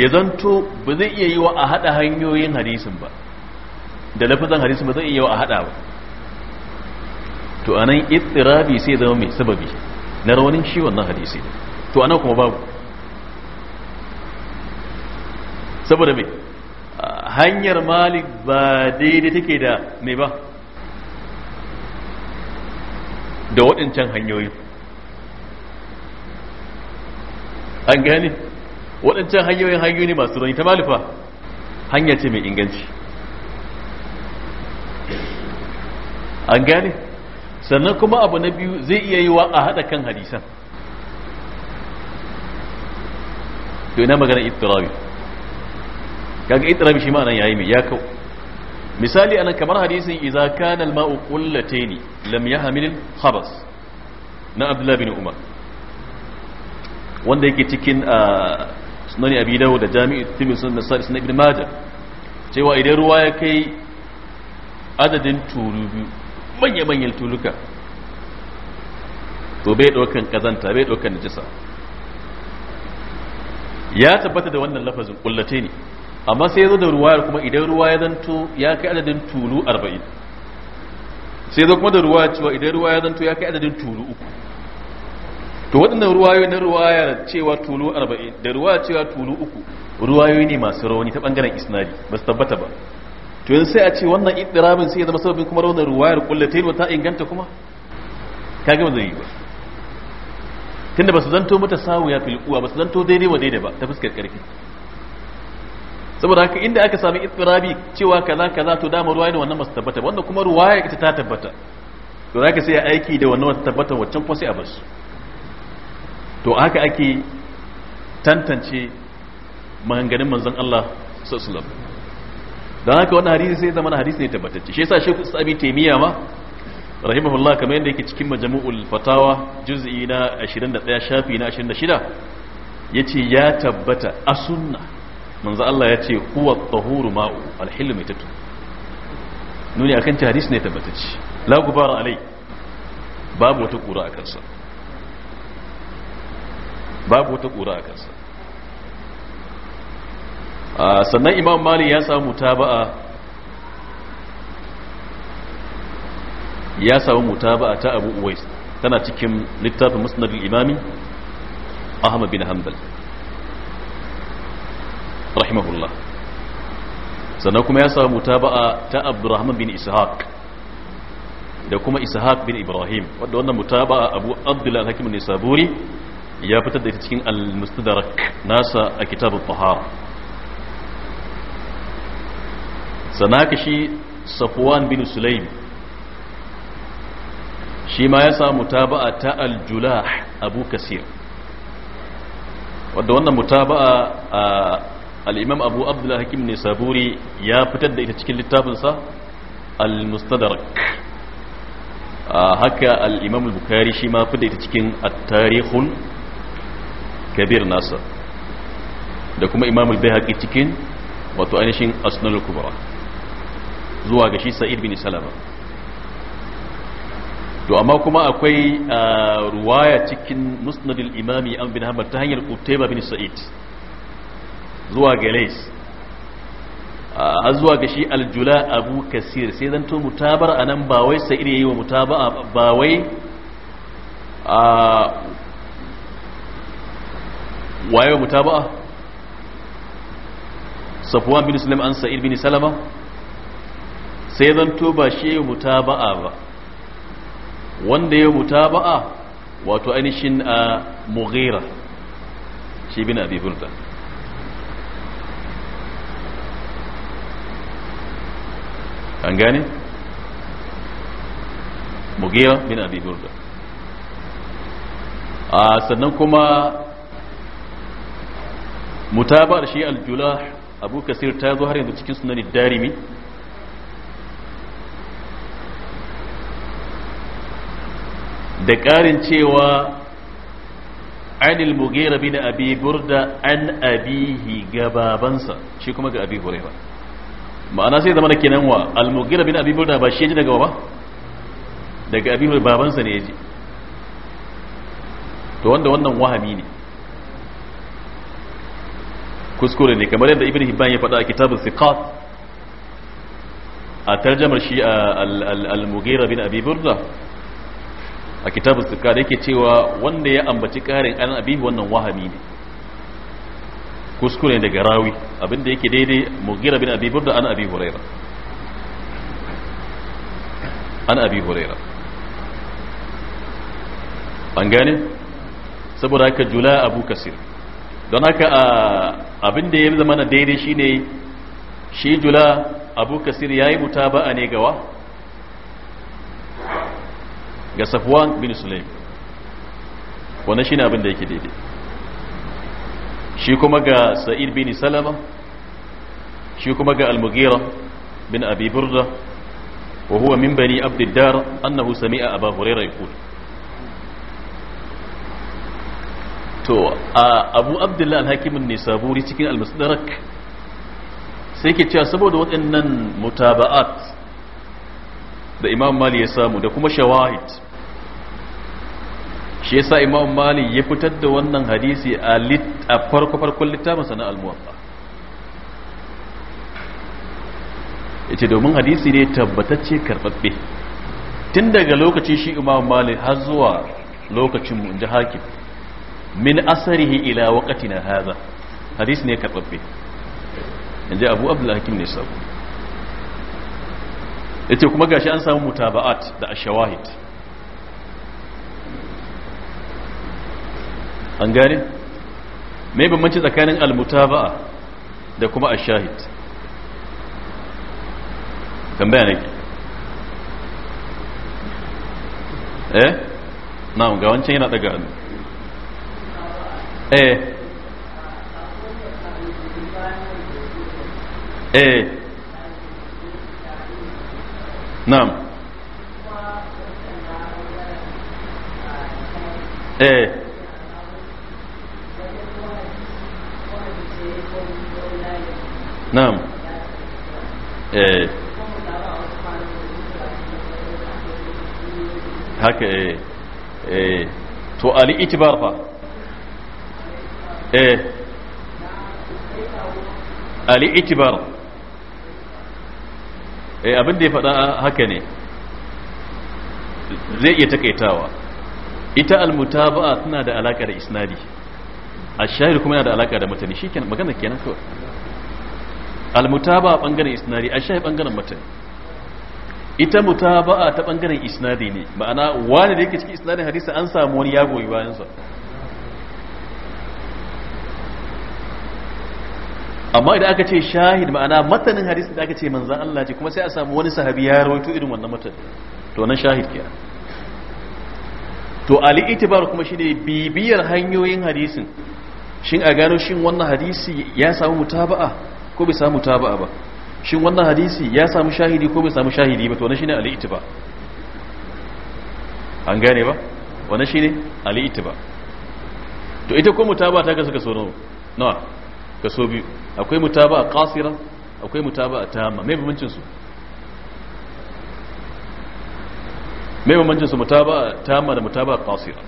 ya zanto ba zai iya yi wa a haɗa hanyoyin hadisin ba da lafazan hadisin ba zai iya yi wa a haɗa ba to anan itirabi sai zama mai sababi na rawanin shi wannan hadisi to anan kuma babu saboda mai hanyar malik ba daidai take da mai ba da waɗancan hanyoyin an gane waɗancan hanyoyin hanyoyi ne masu rauni ta malufa hanya ce mai inganci an gane sannan kuma abu na biyu zai iya yi wa a haɗa kan hadisan to ina magana ittirabi kaga ittirabi shi ma'anan yayi mai ya kau misali anan kamar hadisin idza kana al-ma'u qullataini lam yahmil al-khabas na abdullah bin umar wanda yake cikin ah, sunani abi dawo da jami'i timin sun nasari sun ibn majah cewa idan ruwa ya kai adadin turu biyu manya-manyan tuluka to bai ɗaukan kazanta bai ɗaukan najisa ya tabbata da wannan lafazin kullace ne amma sai ya zo da ruwayar kuma idan ruwa ya zanto ya kai adadin tulu arba'in sai zo kuma da ruwa cewa idan ruwa ya zanto ya kai adadin tulu uku to waɗannan ruwayoyi na ruwayar cewa tulu 40 da ruwayar cewa tulu uku ruwayoyi ne masu rauni ta bangaren isnadi ba su tabbata ba to yanzu sai a ce wannan iddiramin sai ya zama sababin kuma raunar ruwayar kullatai ta inganta kuma Ka gama zai yi ba tunda ba su zanto mata samu ya filkuwa ba su zanto daidai wa daidai ba ta fuskar karfi saboda haka inda aka sami ittirabi cewa kaza kaza to dama ruwaya ne wannan ba su tabbata ba wanda kuma ruwaya ita ta tabbata to zaka sai aiki da wannan wata tabbata waccan ko sai a bar su to haka ake tantance maganganun manzon Allah sallallahu alaihi wasallam don haka wannan hadisi sai zama hadisi ne tabbatacce shi yasa shi ku sami taimiyya ma rahimahullah kamar yadda yake cikin majmu'ul fatawa juz'i na 21 shafi na 26 yace ya tabbata a sunna manzo Allah yace huwa at-tahuru ma'u al-hilm tatu nuni akan ta hadisi ne tabbatacce la gubara alai babu wata kura akan sa babu wata ƙura a kansa sannan imam mali ya samu taba'a ya samu mutaba'a ta abu uwais tana cikin littafin musnadul imami ahmad bin hanbal rahimahullah sannan kuma ya samu mutaba'a ta abdurrahman bin ishaq da kuma ishaq bin ibrahim wadda wannan mutaba'a abu abdullahi hakim ne saburi ya fitar da ita cikin al-mustadrak nasa a kitab al-tahara sanaka shi safwan bin sulaim shi ma ya samu mutaba'a ta al-julah abu kasir wadda wannan mutaba'a a al-imam abu Abdullahi hakim ne saburi ya fitar da ita cikin littafinsa al-mustadrak haka al-imam al-bukhari shi ma fitar da ita cikin at-tarihun kabir nasa da kuma imamul bai bayhaqi cikin wato ainihin asnal kubra zuwa ga shi sa'id bin salama to amma kuma akwai ruwaya cikin musnad imami an bin hamad ta hanyar qutayba bin sa'id zuwa ga lays a zuwa ga shi aljula abu kasir sai zan to mutabar a nan ba wai Sa'id ya yi wa mutaba ba wai waye mutaba'a safwan bin sulaim an sa'id bin salama sai zanto ba shi ya mutaba'a ba wanda ya mutaba'a wato ainihin a mughira shi bin abi burda an gane mughira bin abi burda sannan kuma mutabar shi aljulah abu kasir ta zo har yanzu cikin sunanin darimi da ƙarin cewa anil mugera bin abi burda an abihi ga babansa shi kuma ga abi huraifa ma'ana sai zama da kenan wa al mugira bin abi burda ba shi yaji daga ba daga abi babansa ne yaji to wanda wannan wahami ne kuskure ne kamar yadda ibn hibban ya faɗa a kitabul siqat a tarjamar shi a al-mughira bin abi burda a kitabul siqat yake cewa wanda ya ambaci karin an abi wannan wahami ne kuskure daga rawi abinda yake daidai mughira bin abi burda an abi huraira an abi huraira an gane saboda haka jula abu kasir don haka abin da ya zama na daidai shi ne shi jula abu kasir ya yi muta a ne gawa ga safuwan bin sulaim shi ne abin da yake daidai shi kuma ga sa'id bin salama shi kuma ga al bin abi burda wa huwa min bani abdiddar annahu sami'a aba hurairah yaqul to abu abdullahi Hakim ne saburi cikin almasdarak sai ke cewa saboda waɗannan mutaba'at da imam mali ya samu da kuma shawahid shi yasa imam mali ya fitar da wannan hadisi a farko farkon littafin sana almuwafa ya ce domin hadisi ne tabbatacce karɓaɓɓe tun daga lokaci shi imam mali har zuwa lokacin in ji hakim min asarihi ila waqatina hadha hadis ne karbabbe inji abu Abdullahi hakim ne sabu yace kuma gashi an samu mutaba'at da ashawahid an gane me bambanci tsakanin almutaba'a da kuma ashahid tambaya nake eh na ga wancan yana daga hannu eh eh na'am eh na'am eh haka eh eh to ali itibar fa eh ali itibar eh abin da ya faɗa haka ne zai iya takaitawa ita almutaba'a tana da alaka da isnadi ashahir kuma yana da alaka da matani shikenan magana kenan kawai almutaba'a bangaren isnadi ashahir bangaren matani ita mutaba'a ta bangaren isnadi ne ma'ana wani da yake cikin isnadin hadisi an samu wani yago goyi bayan sa amma idan aka ce shahid ma'ana matanin hadis da aka ce manzan Allah ce kuma sai a samu wani sahabi ya rawaito irin wannan matan to nan shahid ke? to ali itibar kuma shine bibiyar hanyoyin hadisin shin a gano shin wannan hadisi ya samu mutaba'a ko bai samu mutaba'a ba shin wannan hadisi ya samu shahidi ko bai samu shahidi ba to nan shine ali itibar an gane ba wannan shine ali itibar to ita ko mutaba'a ta ga suka so nawa kaso biyu akwai mutaba a kasira akwai mutaba a tamma mai bambancin su mai bambancin su mutaba a tamma da mutaba a kasira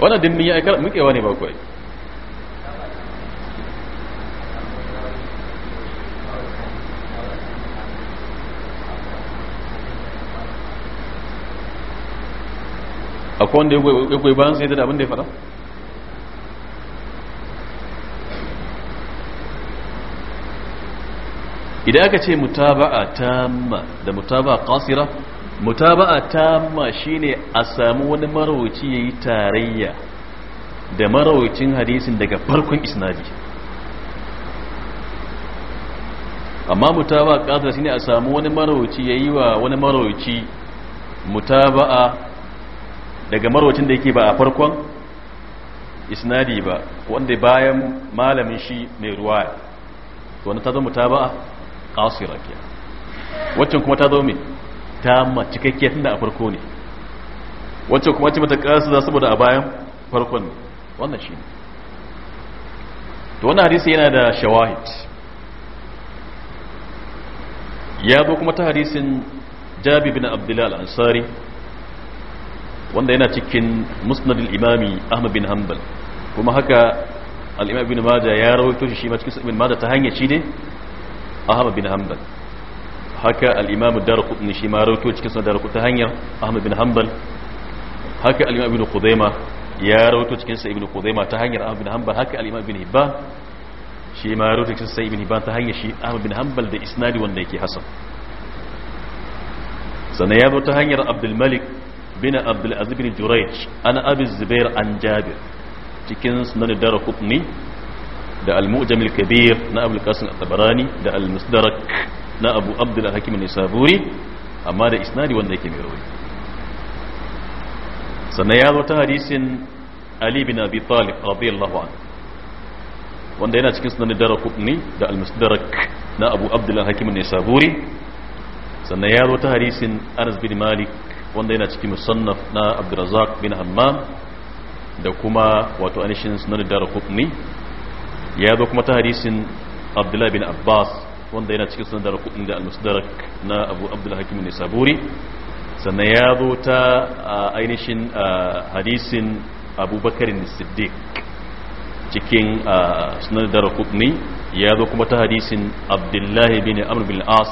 wannan dimmin ya aikar mukewa ne bakwai akwai wanda ya kwaye bayan sai da abin da ya fara idan aka ce mutaba'a tamma da mutaba'a qasira mutaba'a tamma shine a samu wani marawaci yayi tarayya da marawacin hadisin daga farkon isnadi amma mutaba'a qasira shine a samu wani marawaci yayi wa wani marawaci mutaba'a daga marawacin da yake ba a farkon isnadi ba wanda bayan malamin shi mai ruwaya wanda ta zama mutaba'a qasira ke waccan kuma ta zo me ta ma cikakkiya tunda a farko ne waccan kuma ce mata qasira saboda a bayan farkon ne wannan ne. to wani hadisi yana da shawahid ya zo kuma ta hadisin jabi bin abdullahi al-ansari wanda yana cikin musnad imami ahmad bin hanbal kuma haka al bin maja ya rawaito shi ma cikin ibn maja ta hanyar shi ne ahmad bin hanbal haka al-imam ad-darqutni shi ma rawaito cikin sunan darqut ta hanyar ahmad bin hanbal haka al-imam ibn qudaima ya rawaito cikin sa ibn qudaima ta hanyar ahmad bin hanbal haka al-imam ibn hibban shi ma rawaito cikin sa ibn hibban ta hanyar shi ahmad bin hanbal da isnadi wanda yake hasan sannan ya zo ta hanyar abdul malik bin abdul aziz bin jurayj ana abi zubair an jabir cikin sunan darqutni da al-mu'jam al-kabir na abul qasim at-tabarani da al-musdarak na abu abdul hakim an-nisaburi amma da isnadi wanda yake mai rauni sannan ya zo ta hadisin ali bin abi talib radiyallahu anhu wanda yana cikin sunan darakutni da al-musdarak na abu abdul hakim an-nisaburi sannan ya zo ta hadisin anas bin malik wanda yana cikin musannaf na abdurrazzaq bin hammam da kuma wato anishin sunan darakutni ya zo kuma ta hadisin abdullahi bin abbas wanda yana cikin sanar kudin da almusdarak na abu abdullahi Hakimu ne saburi sannan ya zo ta ainihin hadisin abubakar siddiq cikin sunan da rakutni ya zo kuma ta hadisin abdullahi bin amr bin as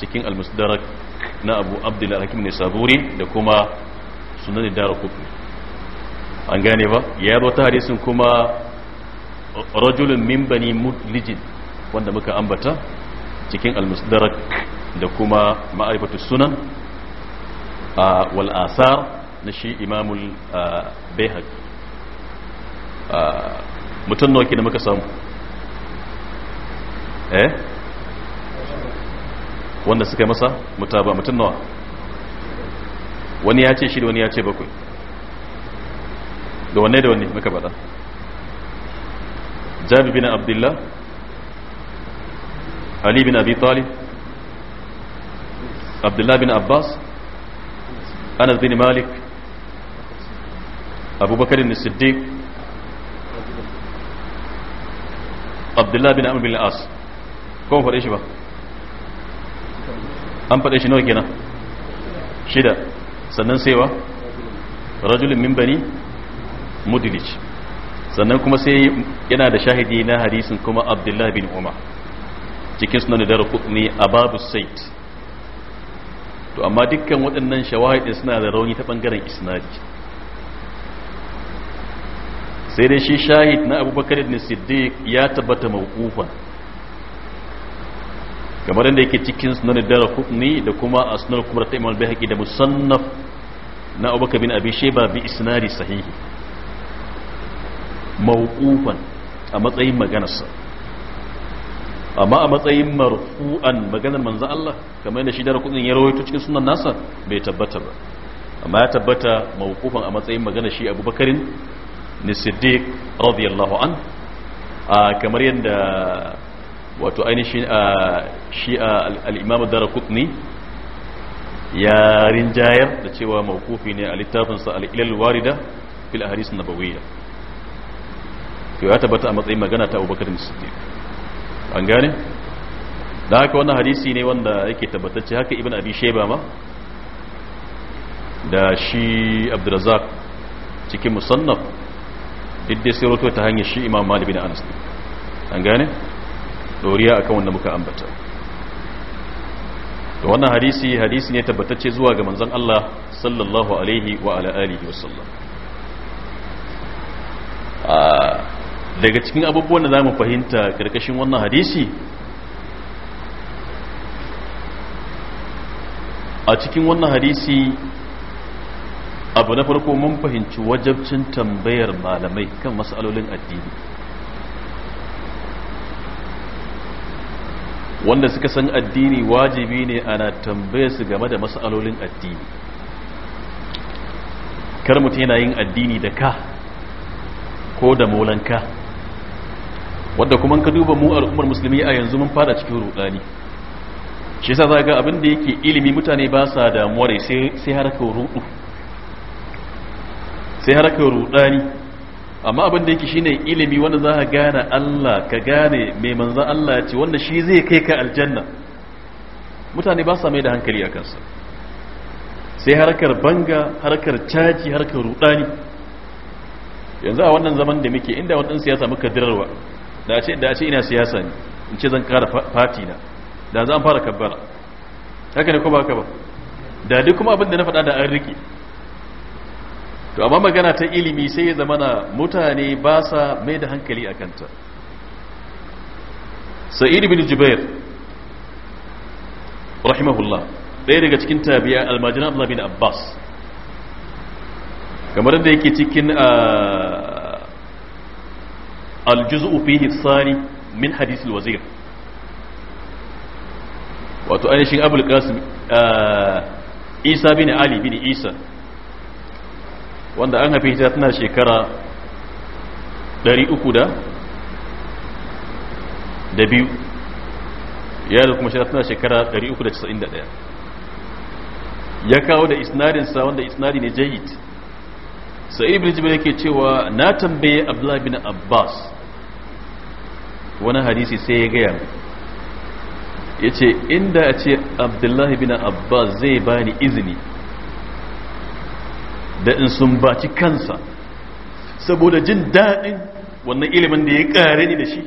cikin almusdarak na abu abdullahi Hakimu ne saburi da kuma sunan da rakutni an gane ba ya zo ta hadisin kuma rajulun min bani mudlijin wanda muka ambata cikin al-musdarak da kuma ma'aifatu sunan wal asar na shi imamul bayhaq mutum nawa da muka samu eh wanda suka yi masa mutaba mutum nawa wani ya ce shi da wani ya ce bakwai da wanne da wanne muka bada جابر بن عبد الله علي بن أبي طالب عبد الله بن عباس أنس بن مالك أبو بكر بن الصديق عبد الله بن عمرو بن العاص كون فرق شبه an faɗe shi nawa kenan shida sannan saiwa rajulun min bani sannan kuma sai yana da shahidi na hadisin kuma abdullahi bin umar cikin suna da rukuni a babu sait to amma dukkan waɗannan shawahidin suna da rauni ta ɓangaren isnadi sai dai shi shahid na abubakar ibn siddiq ya tabbata mawqufan kamar yadda yake cikin sunan dara rukuni da kuma a sunan kuma ta imam bai da musannaf na abubakar bin abi sheba bi isnadi sahihi mawqufan a matsayin maganarsa amma a matsayin marfu'an maganar manzo Allah kamar yadda shi dara kudin ya rawaito cikin sunan nasa bai tabbata ba amma ya tabbata mawqufan a matsayin maganar shi Abu Bakarin ni Siddiq radiyallahu an kamar yadda wato ainihin shi al-Imam Darqutni ya rinjayar da cewa mawqufi ne a littafinsa al-Ilal Warida fil Ahadith Nabawiyya to ya tabbata a matsayin magana ta abubakar siddiq an gane da haka wannan hadisi ne wanda yake tabbatacce haka ibn abi shayba ma da shi abdurrazzaq cikin musannaf duk dai sai roto ta hanyar shi imam malik na anas an gane doriya akan wanda muka ambata To wannan hadisi hadisi ne tabbatacce zuwa ga manzon Allah sallallahu alaihi wa ala alihi wasallam ah, daga cikin abubuwan da za mu fahimta karkashin wannan hadisi a cikin wannan hadisi abu na farko mun fahimci wajabcin tambayar malamai kan matsalolin addini wanda suka san addini wajibi ne ana tambaya su game da masalolin addini kar mutum yana yin addini da ka ko da molanka wadda kuma ka duba mu al'ummar musulmi a yanzu mun fada cikin rudani shi yasa zaka ga abin da yake ilimi mutane ba sa damuwa sai sai harkar rudu sai harkar rudani amma abin da yake shine ilimi wanda za gane Allah ka gane mai manzo Allah ya ce wanda shi zai kai ka aljanna mutane ba sa mai da hankali a kansa sai harkar banga harkar caji harkar rudani yanzu a wannan zaman da muke inda wadansu ya samu kadirarwa da ce ina siyasa ne in ce zan kara fati na da zan fara kabbara haka ne ko haka ba da duk kuma abin da na faɗa da an rike to amma magana ta ilimi sai ya zama na mutane ba sa mai da hankali a kanta sa'id bin jubair rahimahullah ɗaya daga cikin tabiya almajiran abdullahi bin abbas kamar da yake cikin ah, aljuz'u fihi tsani min hadisul wazir wato ainihin abul qasim isa bin ali bin isa wanda an haife ta tana shekara 300 da da biyu ya da kuma tana shekara 391 ya kawo da isnadinsa wanda isnadi ne jayid sa'id ibn jibril yake cewa na tambaye abdullahi bin abbas wani hadisi sai ya gaya ya ce inda a ce abdullahi bin abbas zai bani izini da in sun baci kansa saboda jin daɗin wannan ilimin da ya ƙare ni da shi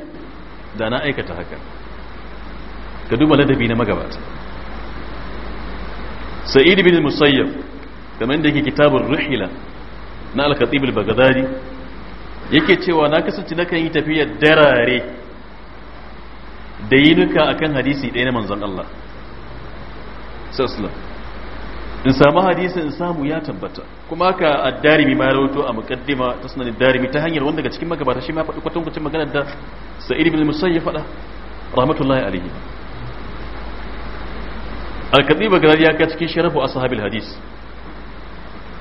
da na aikata haka ka duba ladabi na magabata sa'id bin musayyab kamar da yake kitabun rihila na al-khatib yake cewa na kasance na kan yi tafiyar darare da a kan hadisi ɗaya na manzon Allah sallallahu in samu hadisi in samu ya tabbata kuma ka a darimi ma rawato a muqaddima ta sunan darimi ta hanyar wanda daga cikin magabata shi ma faɗi kwatan kwacin maganar da sa'id ibn musayyib faɗa rahmatullahi alaihi al-kadiba ganar ya ka cikin sharafu ashabil hadis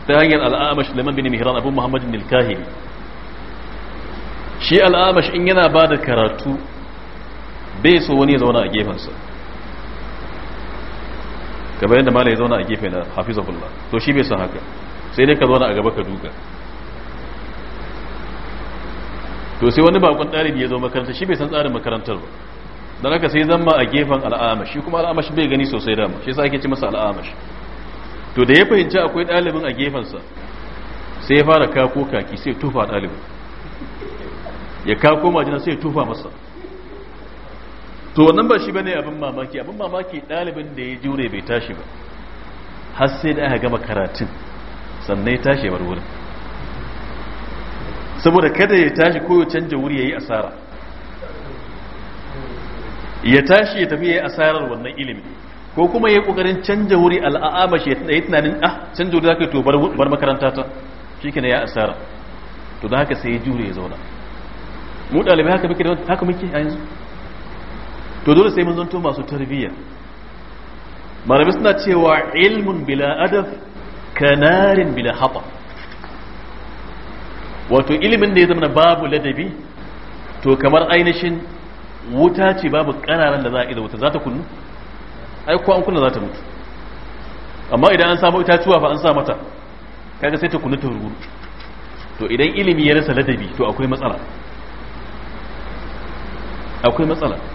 ta hanyar al'amash laman bin mihran abu muhammadin al-kahili shi al'amash in yana ba da karatu bai so wani ya zauna a gefensa kamar yadda malai ya zauna a gefe na hafizahullah to shi bai san haka sai dai ka zauna a gaba ka duka to sai wani bakon ɗalibi ya zo makaranta shi bai san tsarin makarantar ba don haka sai zama a gefen al'amashi shi kuma al'amash bai gani sosai dama shi sa ake ci masa al'amash to da ya fahimci akwai ɗalibin a gefensa sai ya fara kako kaki sai tufa ɗalibin ya kako majina sai tufa masa to wannan ba shi bane abin mamaki abin mamaki ɗalibin da ya jure bai tashi ba har sai da aka gama karatun sannan ya tashi bar wurin saboda kada ya tashi ko ya canja wuri ya yi asara ya tashi ya tafi yayi asarar wannan ilimin ko kuma ya kokarin ƙoƙarin canja wuri al'a'ama shi ya yi tunanin ah canja wuri za to bar makaranta ta shi ya asara to da haka sai ya jure ya zauna mu dalibai haka muke haka muke a yanzu to dole sai mun zanto masu tarbiyya malamai suna cewa ilmun bila adab kanarin bila haɓa wato ilimin da ya zama babu ladabi to kamar ainihin wuta ce babu ƙananan da za a ida wuta za ta kunnu ai ko an kunna za ta mutu amma idan an samu itatuwa fa an sa mata kaga sai ta kunu ta ruru to idan ilimi ya rasa ladabi to akwai matsala akwai matsala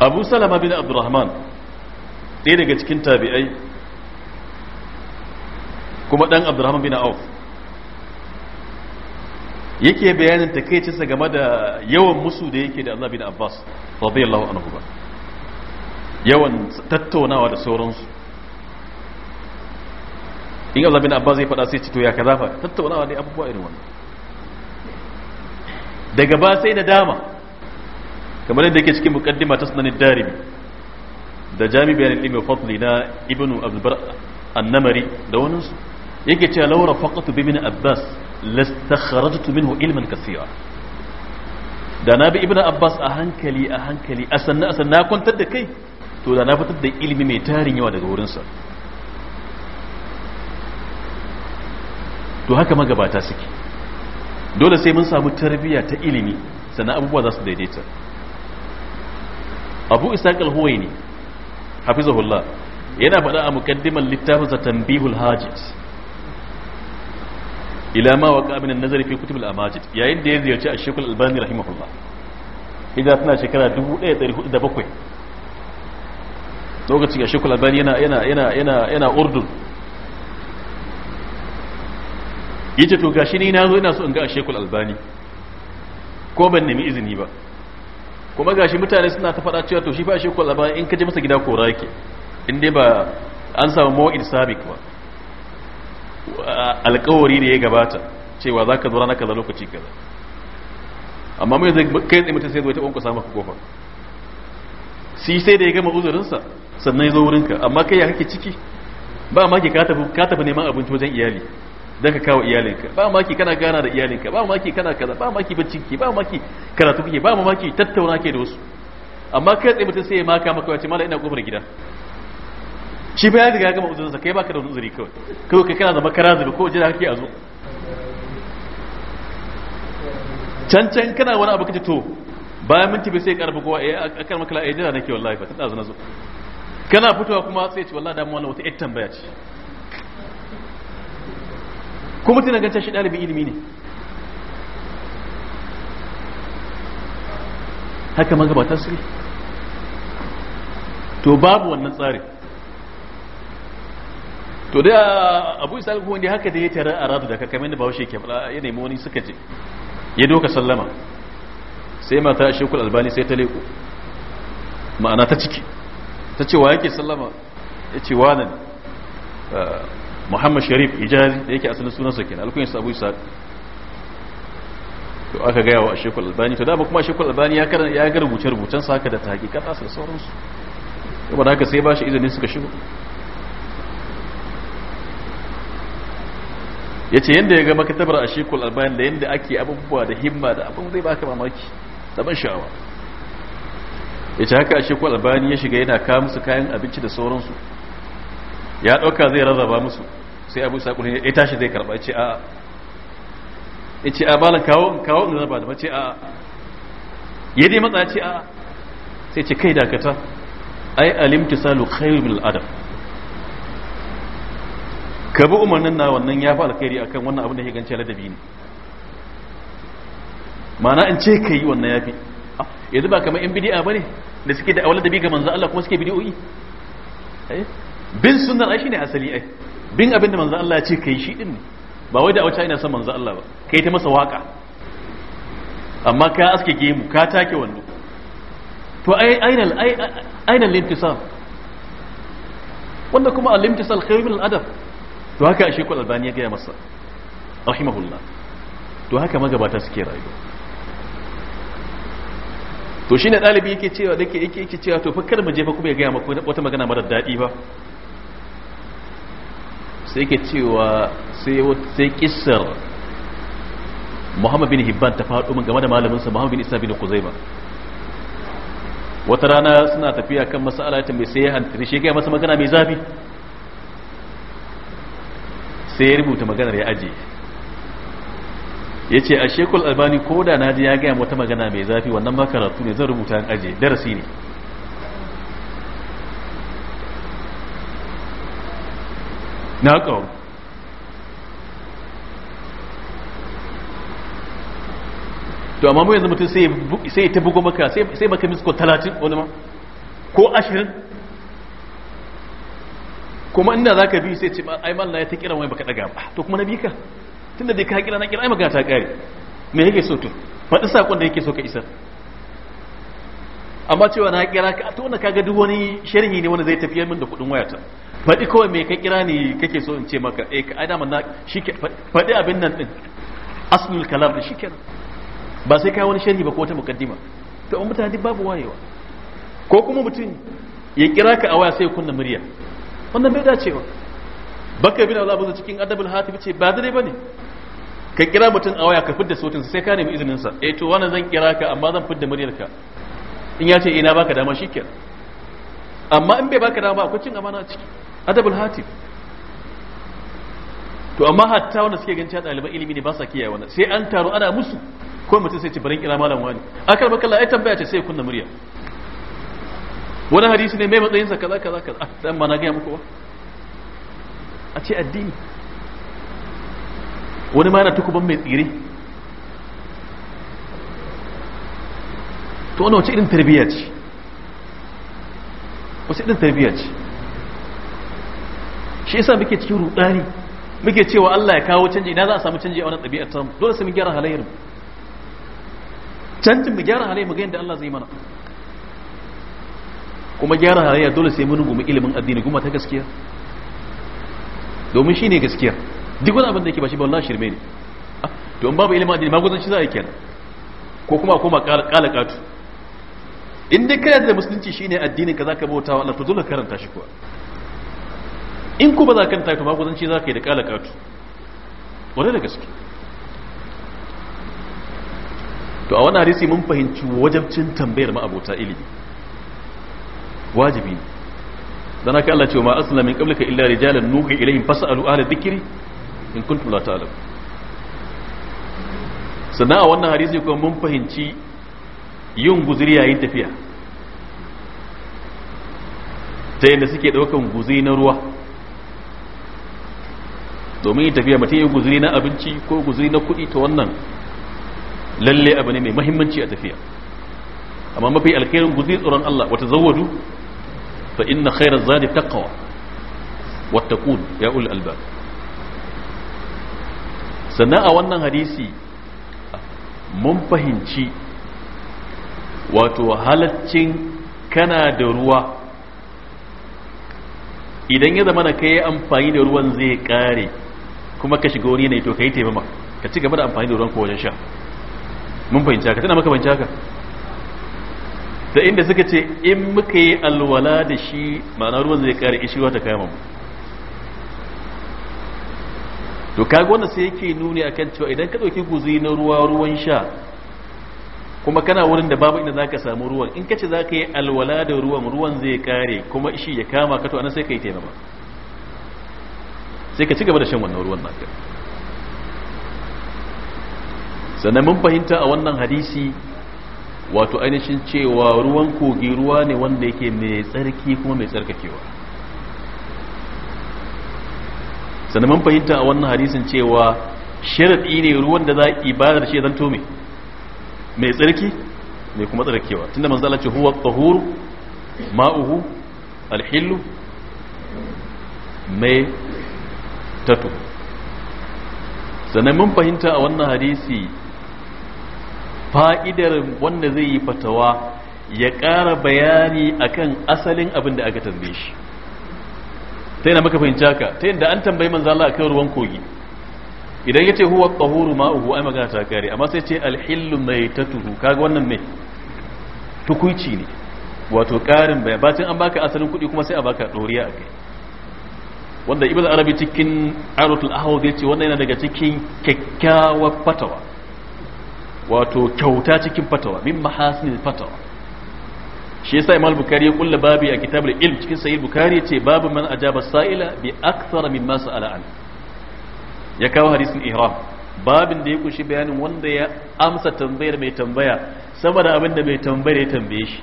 abu salama bin abdurrahman ɗaya daga cikin tabi'ai kuma ɗan abdurrahman bin auf yake bayanin takaicinsa game da yawan musu da yake da Allah bin Abbas radiyallahu anhu ba yawan tattaunawa da sauransu in Allah bin Abbas ya faɗa sai cito ya kaza fa tattaunawa dai abubuwa irin wannan daga ba sai na dama kamar yadda yake cikin mukaddima ta sunan darimi da jami bayan ilmi fadli na ibnu abdulbar annamari da wani su yake cewa laura faqatu bi min abbas lastakhrajtu minhu ilman kaseera da na bi ibnu abbas a hankali a hankali a sanna a sanna kwantar da kai to da na fitar da ilimi mai tarin yawa daga wurin sa. to haka magabata suke dole sai mun samu tarbiyya ta ilimi sannan abubuwa za su daidaita abu isaac al-huwaini hafizahullah yana faɗa a mukaddimar littafin sa tanbihul hajit ila ma waqa min an-nazari fi kutub al-amajid yayin da ya ziyarci a shaykh al-albani rahimahullah hijira tana shekara 1407 lokacin ash-shaykh al-albani yana yana yana yana yana urdun yace to gashi ni na zo ina so in ga ash-shaykh albani ko ban nemi izini ba kuma gashi mutane suna ta fada cewa to shi fa shi ko labarin in ka je masa gida kora yake in dai ba an samu mawa'id sabiq ba alƙawari ne ya gabata cewa zaka zo ranar kaza lokaci kaza amma mai zai kai tsaye mutum sai zai ta ƙwanƙwasa samu kofa shi sai da ya gama uzurinsa sannan ya zo wurinka amma kai ya kake ciki ba ma ke ka tafi neman abinci wajen iyali don ka kawo iyalinka ba maki kana gana da iyalinka ba maki kana kaza ba maki baccin ki ba maki karatu kike ba maki tattauna ke da wasu amma kai tsaye mutum sai ya maka maka wace mala ina kofar gida shi ba ya riga gama uzurinsa kai baka da uzuri kawai kawai kai kana zama kara zuru ko jira kake a zo can can kana wani abu kace to bayan minti bai sai karfi kowa eh akan makala eh jira nake wallahi fa tana zo kana fitowa kuma sai ce wallahi da mu wannan wata ƴar tambaya ce kuma tana ganta shi ɗalibin ilimi ne haka magabatan su tasiri. to babu wannan tsari to da abu isa alkuhu wanda haka da ya tara a radu da ka kamar da bahaushe ke fada ya nemi wani suka je ya doka sallama sai mata a shekul albani sai ta leko ma'ana ta ciki ta ce wa yake sallama ya ce wa nan muhammad sharif ijazi da yake asalin sunansa kenan alkunyar sa abu isa to aka gaya wa shekul albani to dama kuma shekul albani ya karanta ya ga rubuce rubucen sa haka da ta hakikat asal sauransu ba haka sai ba shi izinin suka shigo yace yanda ya ga makatabar a shekul albani da yanda ake abubuwa da himma da abun zai baka mamaki da ban sha'awa yace haka a shekul albani ya shiga yana kawo musu kayan abinci da sauransu ya ɗauka zai rarraba musu sai abu sa ne ya tashi zai karɓa ya ce a ya ce a malam kawo kawo in raba da mace a ya dai matsa ce a sai ce kai dakata ai alimti salu khairu min al'adam ka bi umarnin na wannan ya fi alkhairi akan wannan abin da ya gance ladabi ne mana in ce ka yi wannan ya fi yanzu ba kamar yan bidi'a ba ne da suke da awal ladabi ga manzo Allah kuma suke bidi'o'i eh? bin sunan ai shine asali ai bin abin da manzo Allah ya ce kai shi din ba wai da auta ina son manzo Allah ba kai ta masa waka amma ka aske gemu ka take wando to ai ainal ainal lintisal wanda kuma al-lintisal khairu min al-adab to haka a shekul albani ya gaya masa rahimahullah to haka magabata suke rayuwa to shine dalibi yake cewa dake yake yake cewa to fa kar mu je fa kuma ya gaya maka wata magana marar dadi ba sai ke cewa sai kisar muhammad bin hibban ta faɗo min game da malaminsa muhammad bin isa bin kuzaima wata rana suna tafiya kan masala ta mai sai ya hantari shi gaya masa magana mai zafi sai ya rubuta maganar ya aje ya ce a shekul albani ko da na ji ya gaya wata magana mai zafi wannan makaratu ne zan rubuta an aje darasi ne na ƙaru to amma mu yanzu mutum sai ta bugo maka sai maka misko talatin wani ma ko ashirin kuma inda za ka bi sai ce ai malla ya ta kira wani baka daga ba to kuma na bi ka tun da dai ka kira na kira ai magana ta kare me yake so to faɗi saƙon da yake so ka isar amma cewa na kira ka to wanda ga duk wani sharhi ne wanda zai tafiyar min da kuɗin wayata faɗi kawai mai ka kira ne kake so in ce maka eh ka aida na shi faɗi abin nan din aslul kalam da shi kenan ba sai kai wani sharhi ba ko wata mukaddima to an mutane babu wayewa ko kuma mutum ya kira ka a waya sai kunna murya wannan bai dacewa baka bin Allah bazu cikin adabul hatibi ce ba dare bane ka kira mutum a waya ka fidda sautin sai ka nemi izinin sa eh to wannan zan kira ka amma zan fidda muryar ka in ya ce ina eh, baka dama shikenan amma in bai baka dama akwai cin amana a ciki adabul hatim to amma hatta wanda suke ganin ɗaliban ilimi ne ba sa kiyaye wannan sai an taro ana musu ko mutum sai ci barin kira malam wani akal baka la ai tambaya ce sai kunna murya wani hadisi ne mai matsayin sa kaza kaza kaza ah, dan ma na ga muku ba a ce addini wani ma yana tukuban mai tsire to wannan wace irin tarbiyya ce wace irin tarbiyya ce shi yasa muke cikin rudani muke cewa Allah ya kawo canji ina za a samu canji a wannan ɗabi'ar ta dole sai mu gyara halayyar mu canjin mu gyara halayya mu ga yadda Allah zai mana kuma gyara halayya dole sai mun rungumi ilimin addini kuma ta gaskiya domin shine gaskiya duk wani abin da yake ba shi ba wallahi shirme ne ah, to in babu ilimin addini magwazanci za a yi kenan ko kuma koma kala katu in dai kai da musulunci shine addinin ka zaka bauta wa Allah to dole karanta shi kuwa in ku ba za ka kanta to maguzanci za ka yi da kala katu wadda da gaske to a wani hadisi mun fahimci wajabcin tambayar ma'abota ilimi wajibi ne haka Allah ce ma asna min qablika illa rijalar nuhi ilayhim fasalu da dhikri in kuntum la ta'lamun sannan a wannan hadisi kuma mun fahimci yin guzuri yayin tafiya ta yadda suke ɗaukan guzuri na ruwa domin yi tafiya mutum ya guzuri na abinci ko guzuri na kuɗi ta wannan lalle abu ne mai mahimmanci a tafiya amma mafi alkhairin guzuri tsoron Allah wata zawadu fa inna khairar zadi taqwa wattaqun ya ul albab sannan a wannan hadisi mun fahimci wato halaccin kana da ruwa idan ya zama na kai amfani da ruwan zai kare kuma ka shiga wani yanayi to ka yi taimama ka ci gaba da amfani da ruwanka wajen sha mun fahimci haka tana maka fahimci haka da inda suka ce in muka yi alwala da shi ma'ana ruwan zai kare ishiwa ta kama mu to kaga wannan sai yake nuni akan cewa idan ka dauki guzuri na ruwa ruwan sha kuma kana wurin da babu inda zaka samu ruwan in kace zaka yi alwala da ruwan ruwan zai kare kuma ishi ya kama ka to anan sai kai taimama sai ka ci gaba da shan wannan ruwan naka sannan mun fahimta a wannan hadisi wato ainihin cewa ruwan kogi ruwa ne wanda yake mai tsarki kuma mai tsarkakewa sannan mun fahimta a wannan hadisin cewa sharaɗi ne ruwan da za a ibadar shi zan tome mai tsarki mai kuma tsarkewa tunda manzo Allah ce huwa tahur ma'uhu alhillu mai Tatu mun fahimta a wannan hadisi fa'idar wanda zai yi fatawa ya ƙara bayani akan asalin abin da aka tambaye shi ta yana maka fahimci haka ta yadda an tambayi manzo Allah akan ruwan kogi idan yace huwa ma ma'uhu ai magana ta kare amma sai ce alhillu maitatuhu kaga wannan me tukuici ne wato ƙarin bayan bacin an baka asalin kuɗi kuma sai a baka ɗoriya a kai wanda ibn arabi cikin arutul ahawaz ya ce wannan yana daga cikin kyakkyawar fatawa wato kyauta cikin fatawa min mahasinil fatawa shi yasa imam bukari ya kulla babi a kitabul ilm cikin sahih bukari ya ce babu man ajaba sa'ila bi akthara mimma sa'ala an ya kawo hadisin ihram babin da ya kunshi bayanin wanda ya amsa tambayar mai tambaya sama abin da mai tambayar ya tambaye shi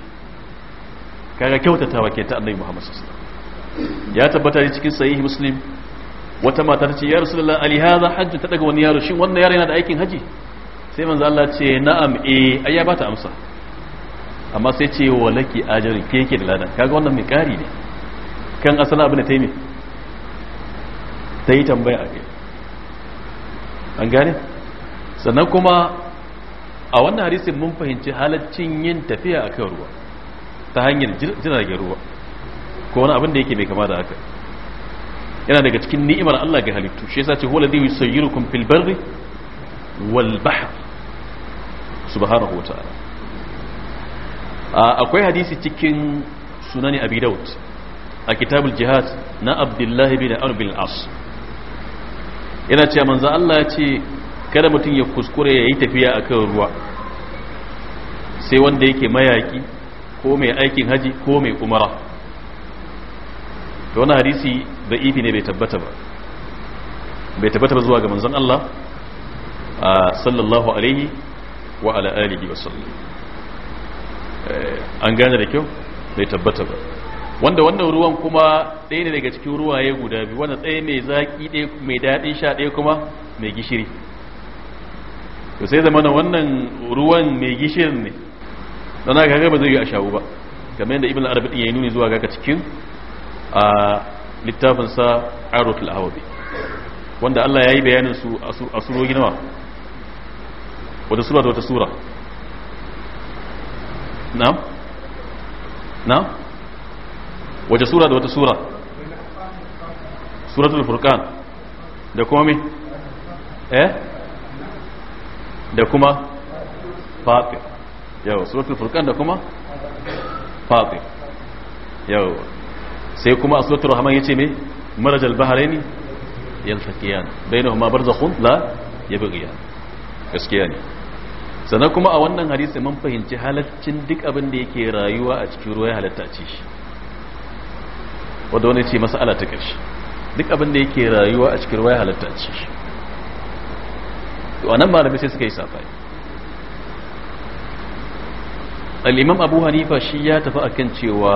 kaga kyautatawa ke ta annabi muhammad sallallahu ya tabbata ne cikin sahihi muslim wata mata ta ce ya rasulullah ali hadha hajj ta daga wani yaro shin wannan yaro yana da aikin haji sai manzo Allah ce na'am eh ai ya bata amsa amma sai ce wa laki ajrin ke yake da ladan kaga wannan mai kari ne kan asala abin da ta yi ne ta yi tambaya a kai an gane sannan kuma a wannan harisin mun fahimci halaccin yin tafiya a kan ruwa ta hanyar jiragen ruwa ko wani abin da yake mai kama da haka yana daga cikin ni'imar Allah ga halittu shi yasa ce huwa ladhi yusayyirukum fil barri wal bahr subhanahu wa ta'ala akwai hadisi cikin sunani abi daud a kitabul jihad na abdullahi bin amr bin as yana cewa manzo Allah ya ce kada mutum ya kuskure ya yi tafiya akan ruwa sai wanda yake mayaki ko mai aikin haji ko mai umara to wani hadisi da ifi ne bai tabbata ba bai tabbata ba zuwa ga manzon Allah sallallahu alaihi wa ala alihi wa sallam eh, an gane da kyau bai tabbata ba wanda wannan ruwan kuma ɗaya ne daga cikin ruwaye guda biyu wanda ɗaya mai zaƙi ɗaya mai daɗin sha ɗaya kuma mai gishiri to sai zama na wannan ruwan mai gishirin ne don haka ba zai yi a shawu ba kamar yadda ibn arabi ya yi nuni zuwa ga cikin a littafinsa arotul awabi wanda Allah ya yi bayanin su a surori nawa wata sura da wata sura na? na? wata sura da wata sura suratul furkan da kuma me? eh? da kuma fatir yawa suratul furkan da kuma fafi yawa sai kuma a suratul rahman yace me marajal bahraini yaltaqiyan bainahuma barzakhun la yabghiyan gaskiya ne sannan kuma a wannan hadisi mun fahimci halaccin duk abin da yake rayuwa a cikin ruwa ya halatta a ci shi wanda wani ce mas'ala ta karshe duk abin da yake rayuwa a cikin ruwa ya halatta a ci shi wannan malamai sai suka yi safai al-imam abu hanifa shi ya tafi akan cewa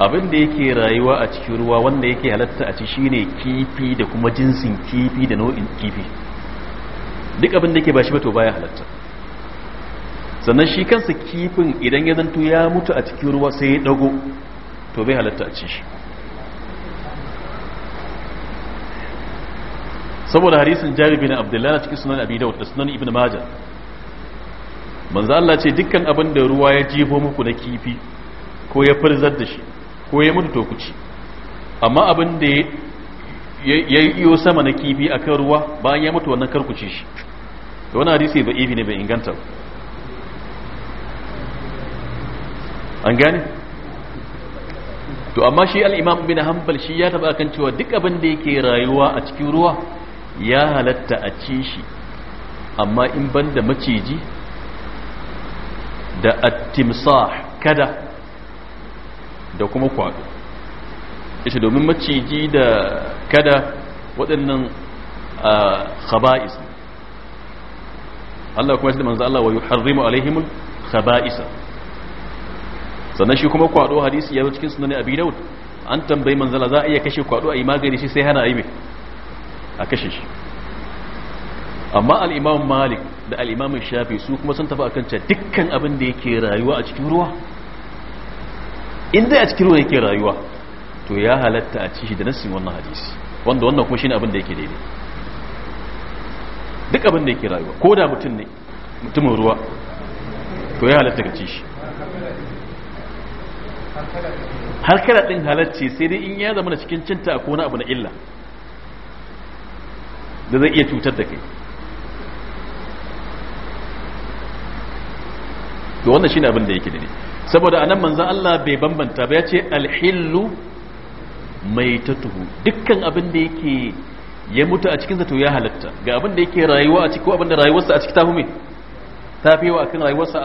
abin da yake rayuwa a cikin ruwa wanda yake halatta a ci shine kifi da kuma jinsin kifi da nau'in kifi duk abin da yake ba shi bato baya halatta sannan shi kansa kifin idan ya zanto ya mutu a cikin ruwa sai ya dago to bai halatta a ci shi saboda harisun jari bin abdullahi cikin sunan abi dawud da sunan ibn majah manzo Allah ce dukkan abin da ruwa ya jefo muku na kifi ko ya furzar da shi ko ya mutu to ku ci amma abin da ya iyo sama na kifi a kan ruwa bayan ya mutu wannan kar ku ci shi To wani hadisi ba ibi ne bai inganta an gane to amma shi al'imam bin hanbal shi ya taba kan cewa duk abin da yake rayuwa a cikin ruwa ya halatta a ci shi amma in banda maciji da at-timsah kada da kuma kwado ita domin maciji da kada waɗannan khaba'is Allah kuma sai manzo Allah wa yuharrimu alaihim khaba'is sannan shi kuma kwado hadisi ya zo cikin sunan Abi Dawud an tambayi manzo Allah za a iya kashe kwado a yi magani shi sai hana a yi mai a kashe shi amma al-Imam Malik da al-Imam Shafi su kuma sun tafi akan cewa dukkan abin da yake rayuwa a cikin ruwa in dai a cikin ruwa yake rayuwa to ya halatta a ci da nassin wannan hadisi wanda wannan kuma shine abin da yake daidai duk abin da yake rayuwa ko da mutum ne mutumin ruwa to ya halatta ka cishi har kala din halacci sai dai in ya zama na cikin cinta ko na abu na illa da zai iya cutar da kai to wannan shine abin da yake daidai saboda anan manzan Allah bai bambanta ba ya ce alhillu mai tatuhu dukkan abin da yake ya mutu a cikinsa to ya halatta ga abin da yake rayuwa a ciki ko abin da rayuwarsa a ciki ta hume ta fi yawa akan rayuwarsa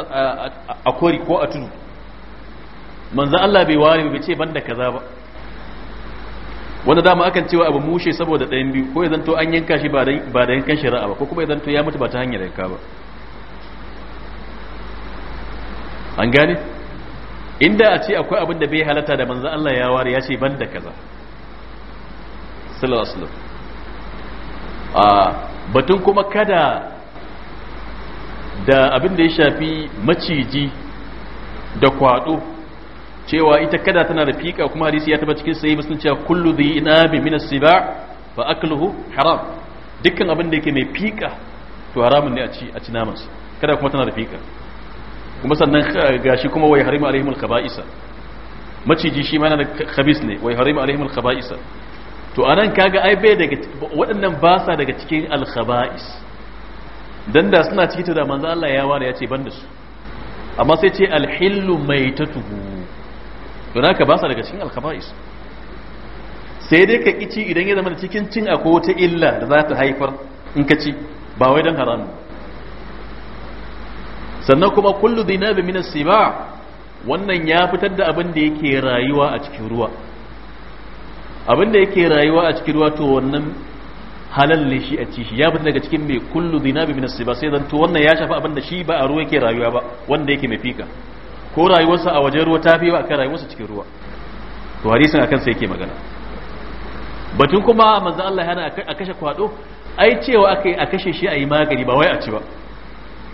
a kori ko a tudu manzan Allah bai ware bai ce banda kaza ba wanda dama akan cewa abu mushe saboda ɗayan biyu ko ya zanto an yanka shi ba da yankan shari'a ba ko kuma ya zanto ya mutu ba ta hanyar yanka ba an gane inda a ce akwai abin da bai halatta da manzo Allah ya ware ya ce ban da kaza sallallahu alaihi a ah, batun kuma kada da abin da ya shafi maciji da kwado cewa ita kada tana da fika kuma hadisi ya taba cikin sai musulun cewa kullu dhi inabi min as-siba fa akluhu haram dukkan abin da yake mai fika to haramun ne a ci a ci namansa kada kuma tana da fika kuma sannan eh, gashi kuma wai harimu alaihimul khaba'isa maciji shi ma yana da khabis ne wai harimu alaihimul khaba'isa to anan kaga ai bai daga waɗannan ba sa daga cikin al khaba'is dan da suna cikin da manzo Allah ya ware ya ce ban da su amma sai ce al hillu maitatuhu to naka ba sa daga cikin al khaba'is sai dai ka kici idan ya zama cikin cin akwai wata illa da za ta haifar in ka ci ba wai dan haramu sannan kuma kullu dinabi min as-siba wannan ya fitar da abin da yake rayuwa a cikin ruwa abin da yake rayuwa a cikin ruwa to wannan halal ne shi a ci shi ya fitar daga cikin mai kullu dinabi min as-siba sai dan to wannan ya shafa abin da shi ba a ruwa yake rayuwa ba wanda yake mai fika ko rayuwarsa a wajen ruwa ta fi ba akan rayuwarsa cikin ruwa to hadisin akan sai yake magana batun kuma manzo Allah yana a kashe kwado ai cewa akai a kashe shi a yi magani ba wai a ci ba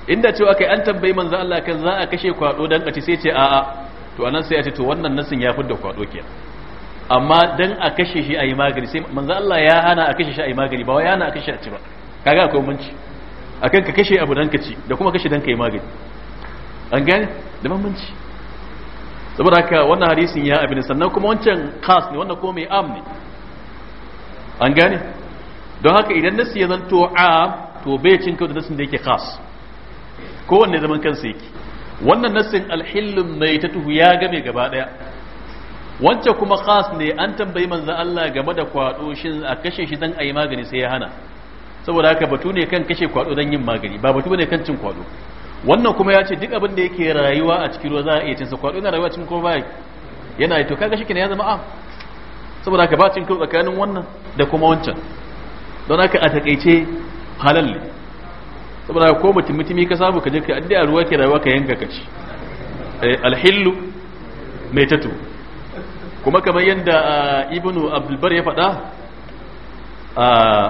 inda cewa kai an tambayi manzo Allah kan za a kashe kwado dan kaci sai ce a'a to anan sai ya ce to wannan nasin ya fudda kwado kenan amma dan a kashe shi a yi magani sai manzo Allah ya hana a kashe shi a yi magani ba wai hana a kashe a ci ba kaga akwai munci akan ka kashe abu dan kaci da kuma kashe dan kai magani an gane da bambanci saboda haka wannan hadisin ya abin sannan kuma wancan khas ne wannan kuma mai am ne an gane don haka idan nasi ya zanto a to bai cin kawai da nasin da yake khas kowanne zaman kansa yake wannan nassin alhillun mai ta tuhu ya game gaba daya wacce kuma khas ne an tambayi manzo Allah game da kwado shin a kashe shi dan ayi magani sai ya hana saboda haka batu ne kan kashe kwado dan yin magani ba batu ne kan cin kwado wannan kuma ya ce duk abin da yake rayuwa a cikin ruwa za a iya sa kwado yana rayuwa cikin kuma yana yi to kaga shi ya zama a saboda haka ba cin karo tsakanin wannan da kuma wancan don haka a takaice halal ne saboda ko mutum mutumi ka samu ka je kai addu'a ruwa ke rayuwa ka yanka ka ci eh, alhillu mai tatu kuma kamar yadda ah, ibnu abdulbar ya faɗa a ah,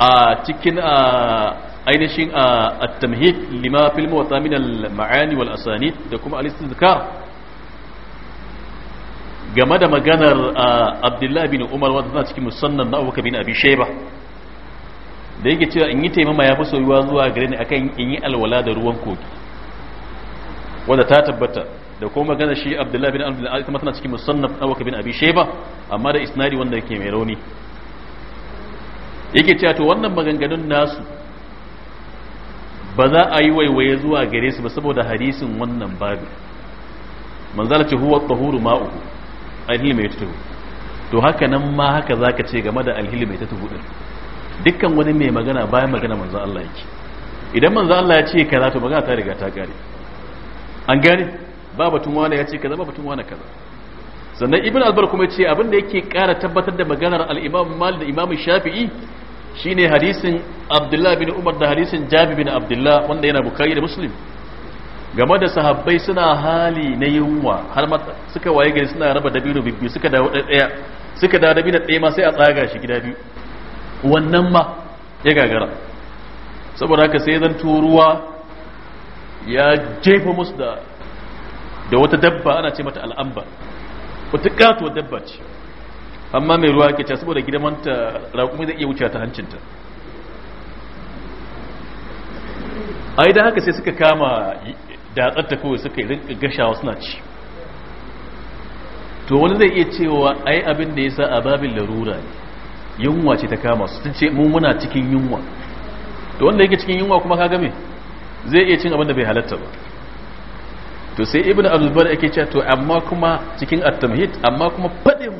ah, cikin ainihin a tamhid lima filmu wata min al-ma'ani wal asani da kuma al-istizkar game da maganar abdullahi bin umar wanda cikin musannan na abubakar bin abi da yake cewa in yi taimama ya fi soyuwa zuwa gare ni akan in yi alwala da ruwan kogi wanda ta tabbata da kuma magana shi abdullahi bin abdullahi kuma tana cikin musannaf awaka bin abi sheba amma da isnadi wanda yake mai rauni yake cewa to wannan maganganun nasu ba za a yi waiwaye zuwa gare su ba saboda hadisin wannan babu manzala ce huwa tahuru ma'uhu alhil mai tuhu to haka nan ma haka zaka ce game da alhil mai tuhu dukkan wani mai magana bayan magana manzo Allah yake idan manzo Allah ya ce kaza to magana ta riga ta kare an gane ba batun wani ya ce kaza ba batun wani kaza sannan ibn albar kuma ce abin da yake kara tabbatar da maganar al-imam malik da imam shafi'i shine hadisin abdullah bin umar da hadisin jabi bin abdullah wanda yana bukari da muslim game da sahabbai suna hali na yunwa har suka waye gari suna raba dabino bibbi suka dawo ɗaya suka dawo dabino ɗaya ma sai a tsaga shi gida biyu wannan ma ya gagara saboda haka sai zan ruwa ya jefa musu da da wata dabba ana ce mata al'amba wata katuwa dabba ce amma mai ruwa ke ce saboda gidamanta raƙumi zai iya wuce ta hancinta ai da haka sai suka kama datsatta kawai suka yi rinka gashawa suna ci to wani zai iya cewa ai abin da ya sa a babin larura ne yunwa ce ta kama su sun ce mu muna cikin yunwa to wanda yake cikin yunwa kuma kaga me zai iya cin abin da bai halatta ba to sai ibnu abdulbar yake cewa to amma kuma cikin at-tamhid amma kuma fadin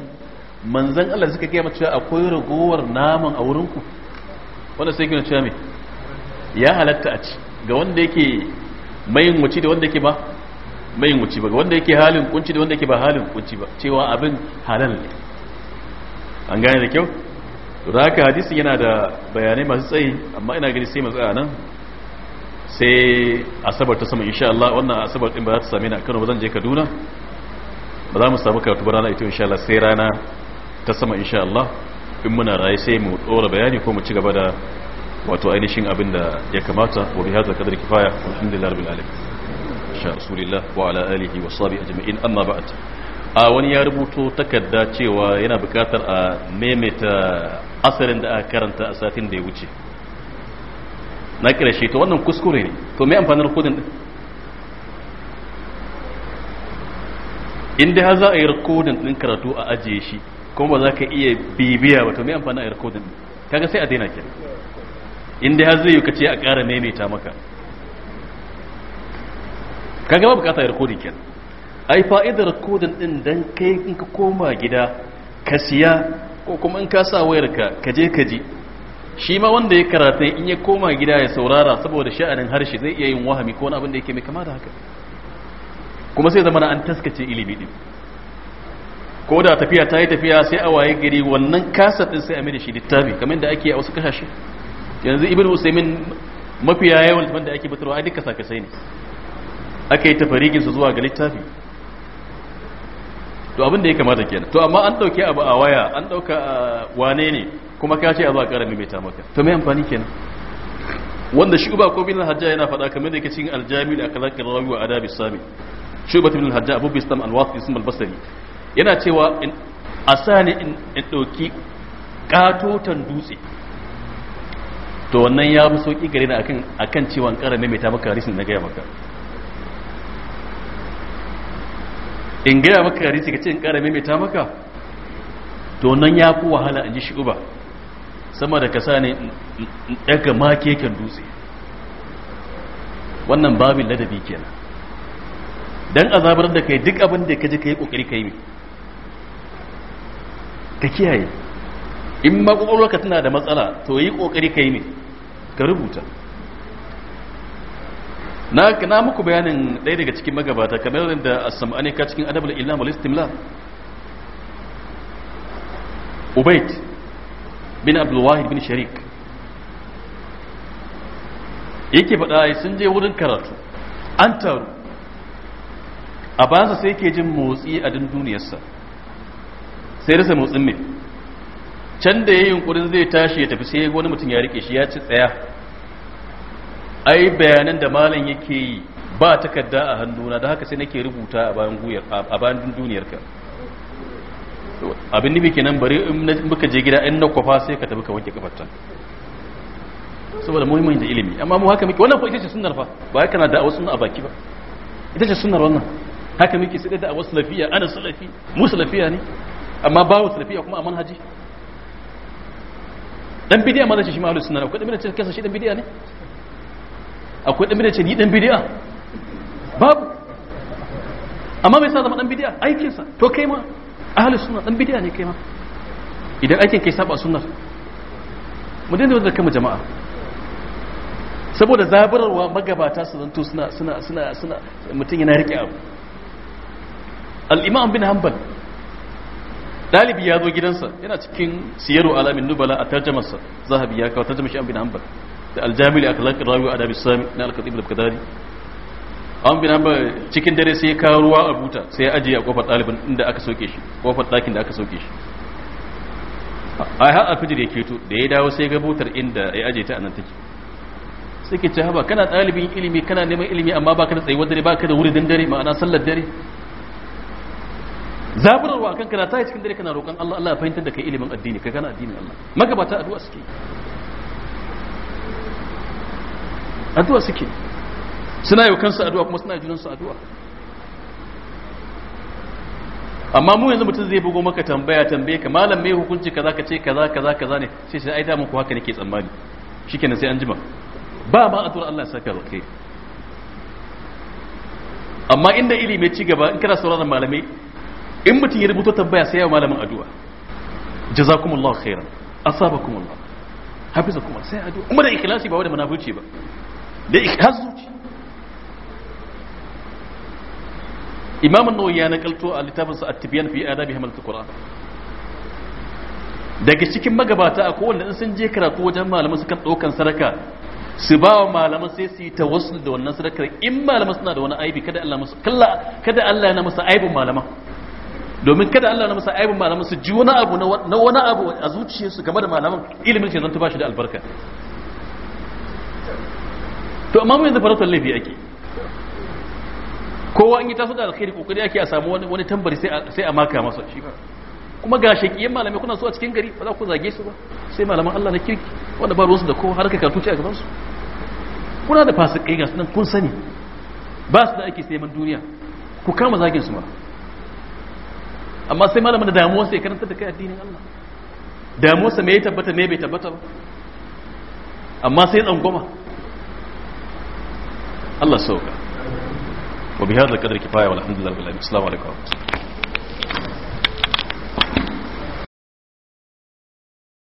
manzon Allah suka kai mata cewa akwai ragowar naman a wurin ku wanda sai kina cewa me ya halatta a ci ga wanda yake mayin wuci da wanda yake ba mayin wuci ba ga wanda yake halin kunci da wanda yake ba halin kunci ba cewa abin halal ne an gane da kyau da haka hadisi yana da bayanai masu tsayi amma ina gani sai matsaya nan sai asabar ta sama insha Allah wannan asabar din ba za ta same ni a Kano ba zan je Kaduna ba za mu samu karatu ba rana ita insha Allah sai rana ta sama insha Allah in muna raye sai mu dora bayani ko mu ci gaba da wato ainihin abin da ya kamata wa bi hadha qadri kifaya alhamdulillah rabbil alamin insha Allah wa ala alihi wa sahbihi ajma'in amma ba'd a wani ya rubuto takarda cewa yana bukatar a maimaita asalin da aka karanta a satin da ya wuce na kira shi to wannan kuskure ne to mai amfanin rikodin din inda za a yi rikodin din karatu a ajiye shi kuma ba za ka iya bibiya ba to mai amfani a yi rikodin din kaga sai a daina kira inda har zai yi kace a ƙara maimaita maka kaga ba bukatar rikodin kenan ai fa'idar kodin din dan kai in ka koma gida ka siya ko kuma in ka sa wayarka ka je ka ji shi ma wanda ya karata in ya koma gida ya saurara saboda sha'anin harshe zai iya yin wahami ko wani abin da yake mai kama da haka kuma sai zama an taskace ilimi din ko da tafiya ta yi tafiya sai a waye gari wannan kasar din sai a mai da shi littafi kamar da ake a wasu kasashe yanzu ibn usaimin mafiya yawan da ake bitarwa a duka sakasai ne aka yi tafarigin su zuwa ga littafi to abin da ya kamata kenan to amma an dauke abu a waya an dauka wane ne kuma ka ce a zuwa karami mai ta maka to mai amfani kenan wanda shi uba ko bin hajja yana faɗa kamar da yake cikin aljami da akhlaqir rawi wa adabi sami shi uba bin hajja abu bistam alwafi sun balbasari yana cewa a asani in dauki katotan dutse to wannan ya bi sauki gare na akan akan cewa karami mai ta maka risin na gaya maka in gaya maka hadisi ka ce in ƙara maimaita maka to nan ya fi wahala in ji shi uba sama da kasa ne daga makeken dutse wannan babin ladabi kenan dan azabar da kai duk abin da ka ji ka yi ƙoƙari ka yi ka kiyaye in ma tana da matsala to yi ƙoƙari ka yi ne ka rubuta na na muku bayanin ɗaya daga cikin magabata kamar yadda as-sam'ani ka cikin adabul ilam wal istimla ubayd bin abdul wahid bin sharik yake faɗa sun je wurin karatu an taru a sai yake jin motsi a din duniyarsa sai rasa motsin mai can da ya yi yunkurin zai tashi ya tafi sai wani mutum ya rike shi ya ci tsaya ai bayanan da malam yake yi ba takarda a hannuna da haka sai nake rubuta a bayan guyar a bayan ka abin nufi kenan bari in muka je gida in na kwafa sai ka tafi ka wanke kafarta saboda muhimmanci da ilimi amma mu haka muke wannan fa ita ce sunnar fa ba haka na da wasu a baki ba ita ce sunnar wannan haka muke sai da wasu lafiya ana salafi mu salafiya ne amma ba wasu lafiya kuma a manhaji dan bidiya ma zai shi ma ahlus sunna ko dan bidiya ce kansa shi dan bidiya ne akwai ɗan bid'a ce ni ɗan bid'a babu amma mai sa zama ɗan bid'a aikinsa to kai ma halin suna ɗan bid'a ne kai ma idan aikin kai saba sunar mu dinda da kama jama'a saboda zaburarwa magabata su zanto suna suna suna suna mutum yana riƙe abu al'imam bin hanbal dalibi ya zo gidansa yana cikin siyaru alamin nubala a tarjamarsa zahabi ya kawo tarjamar shi an bin hanbal da aljami da akhlaq rawi adabi sami na al-khatib al-kadari an bin ba cikin dare sai ya kawo ruwa a buta sai ya ajiye a kofar dalibin inda aka soke shi kofar ɗakin da aka soke shi ai har alfijir ya keto da ya dawo sai ga butar inda ya ajiye ta nan take sai ke ce haba kana ɗalibin ilimi kana neman ilimi amma baka da tsayuwar dare baka da wuridin dare ma'ana sallar dare zaburarwa kan na ta cikin dare kana roƙon Allah Allah ya fahimtar da kai ilimin addini kai kana addinin Allah magabata addu'a suke addu'a suke suna yau kansu addu'a kuma suna junansu addu'a amma mu yanzu mutum zai bugo maka tambaya tambaye ka malam mai hukunci kaza ka ce kaza kaza kaza ne sai sai ai da muku haka nake tsammani shikenan sai an jima ba ma addu'ar Allah ya saka rokai amma inda ilimi ci gaba in kana sauraron malamai in mutum ya rubuta tambaya sai ya malamin addu'a jazakumullahu khairan asabakumullahu hafizakum sai addu'a kuma da ikhlasi ba wanda munafici ba da ikhlas zuci imam nawawi ya nakalto a littafinsa at-tibyan fi adabi hamal quran daga cikin magabata a wanda in sun je karatu wajen malaman su kan daukan sadaka su ba wa malaman sai su yi tawassul da wannan sadakar in malaman suna da wani aibi kada Allah musu kalla kada Allah yana masa aibin malaman domin kada Allah na masa aibin malaman su ji wani abu na wani abu a zuciyarsu game da malaman ilimin shi zan ta shi da albarka to amma mu yanzu farautar laifi ake kowa an yi taso da alkhairi kokari ake a samu wani tambari sai a maka masa shi kuma ga shakiyan malamai kuna so a cikin gari ba za ku zage su ba sai malaman Allah na kirki wanda ba ruwansu da kowa har ka kartuce a gaban su kuna da fasikai ga sunan kun sani ba su da ake sai man duniya ku kama zagin su ma amma sai malamin da damuwa sai karanta da kai addinin Allah damuwarsa me ya tabbata me bai tabbata ba amma sai tsangwama الله سوكا وبهذا القدر كفايه والحمد لله رب العالمين السلام عليكم ورحمه الله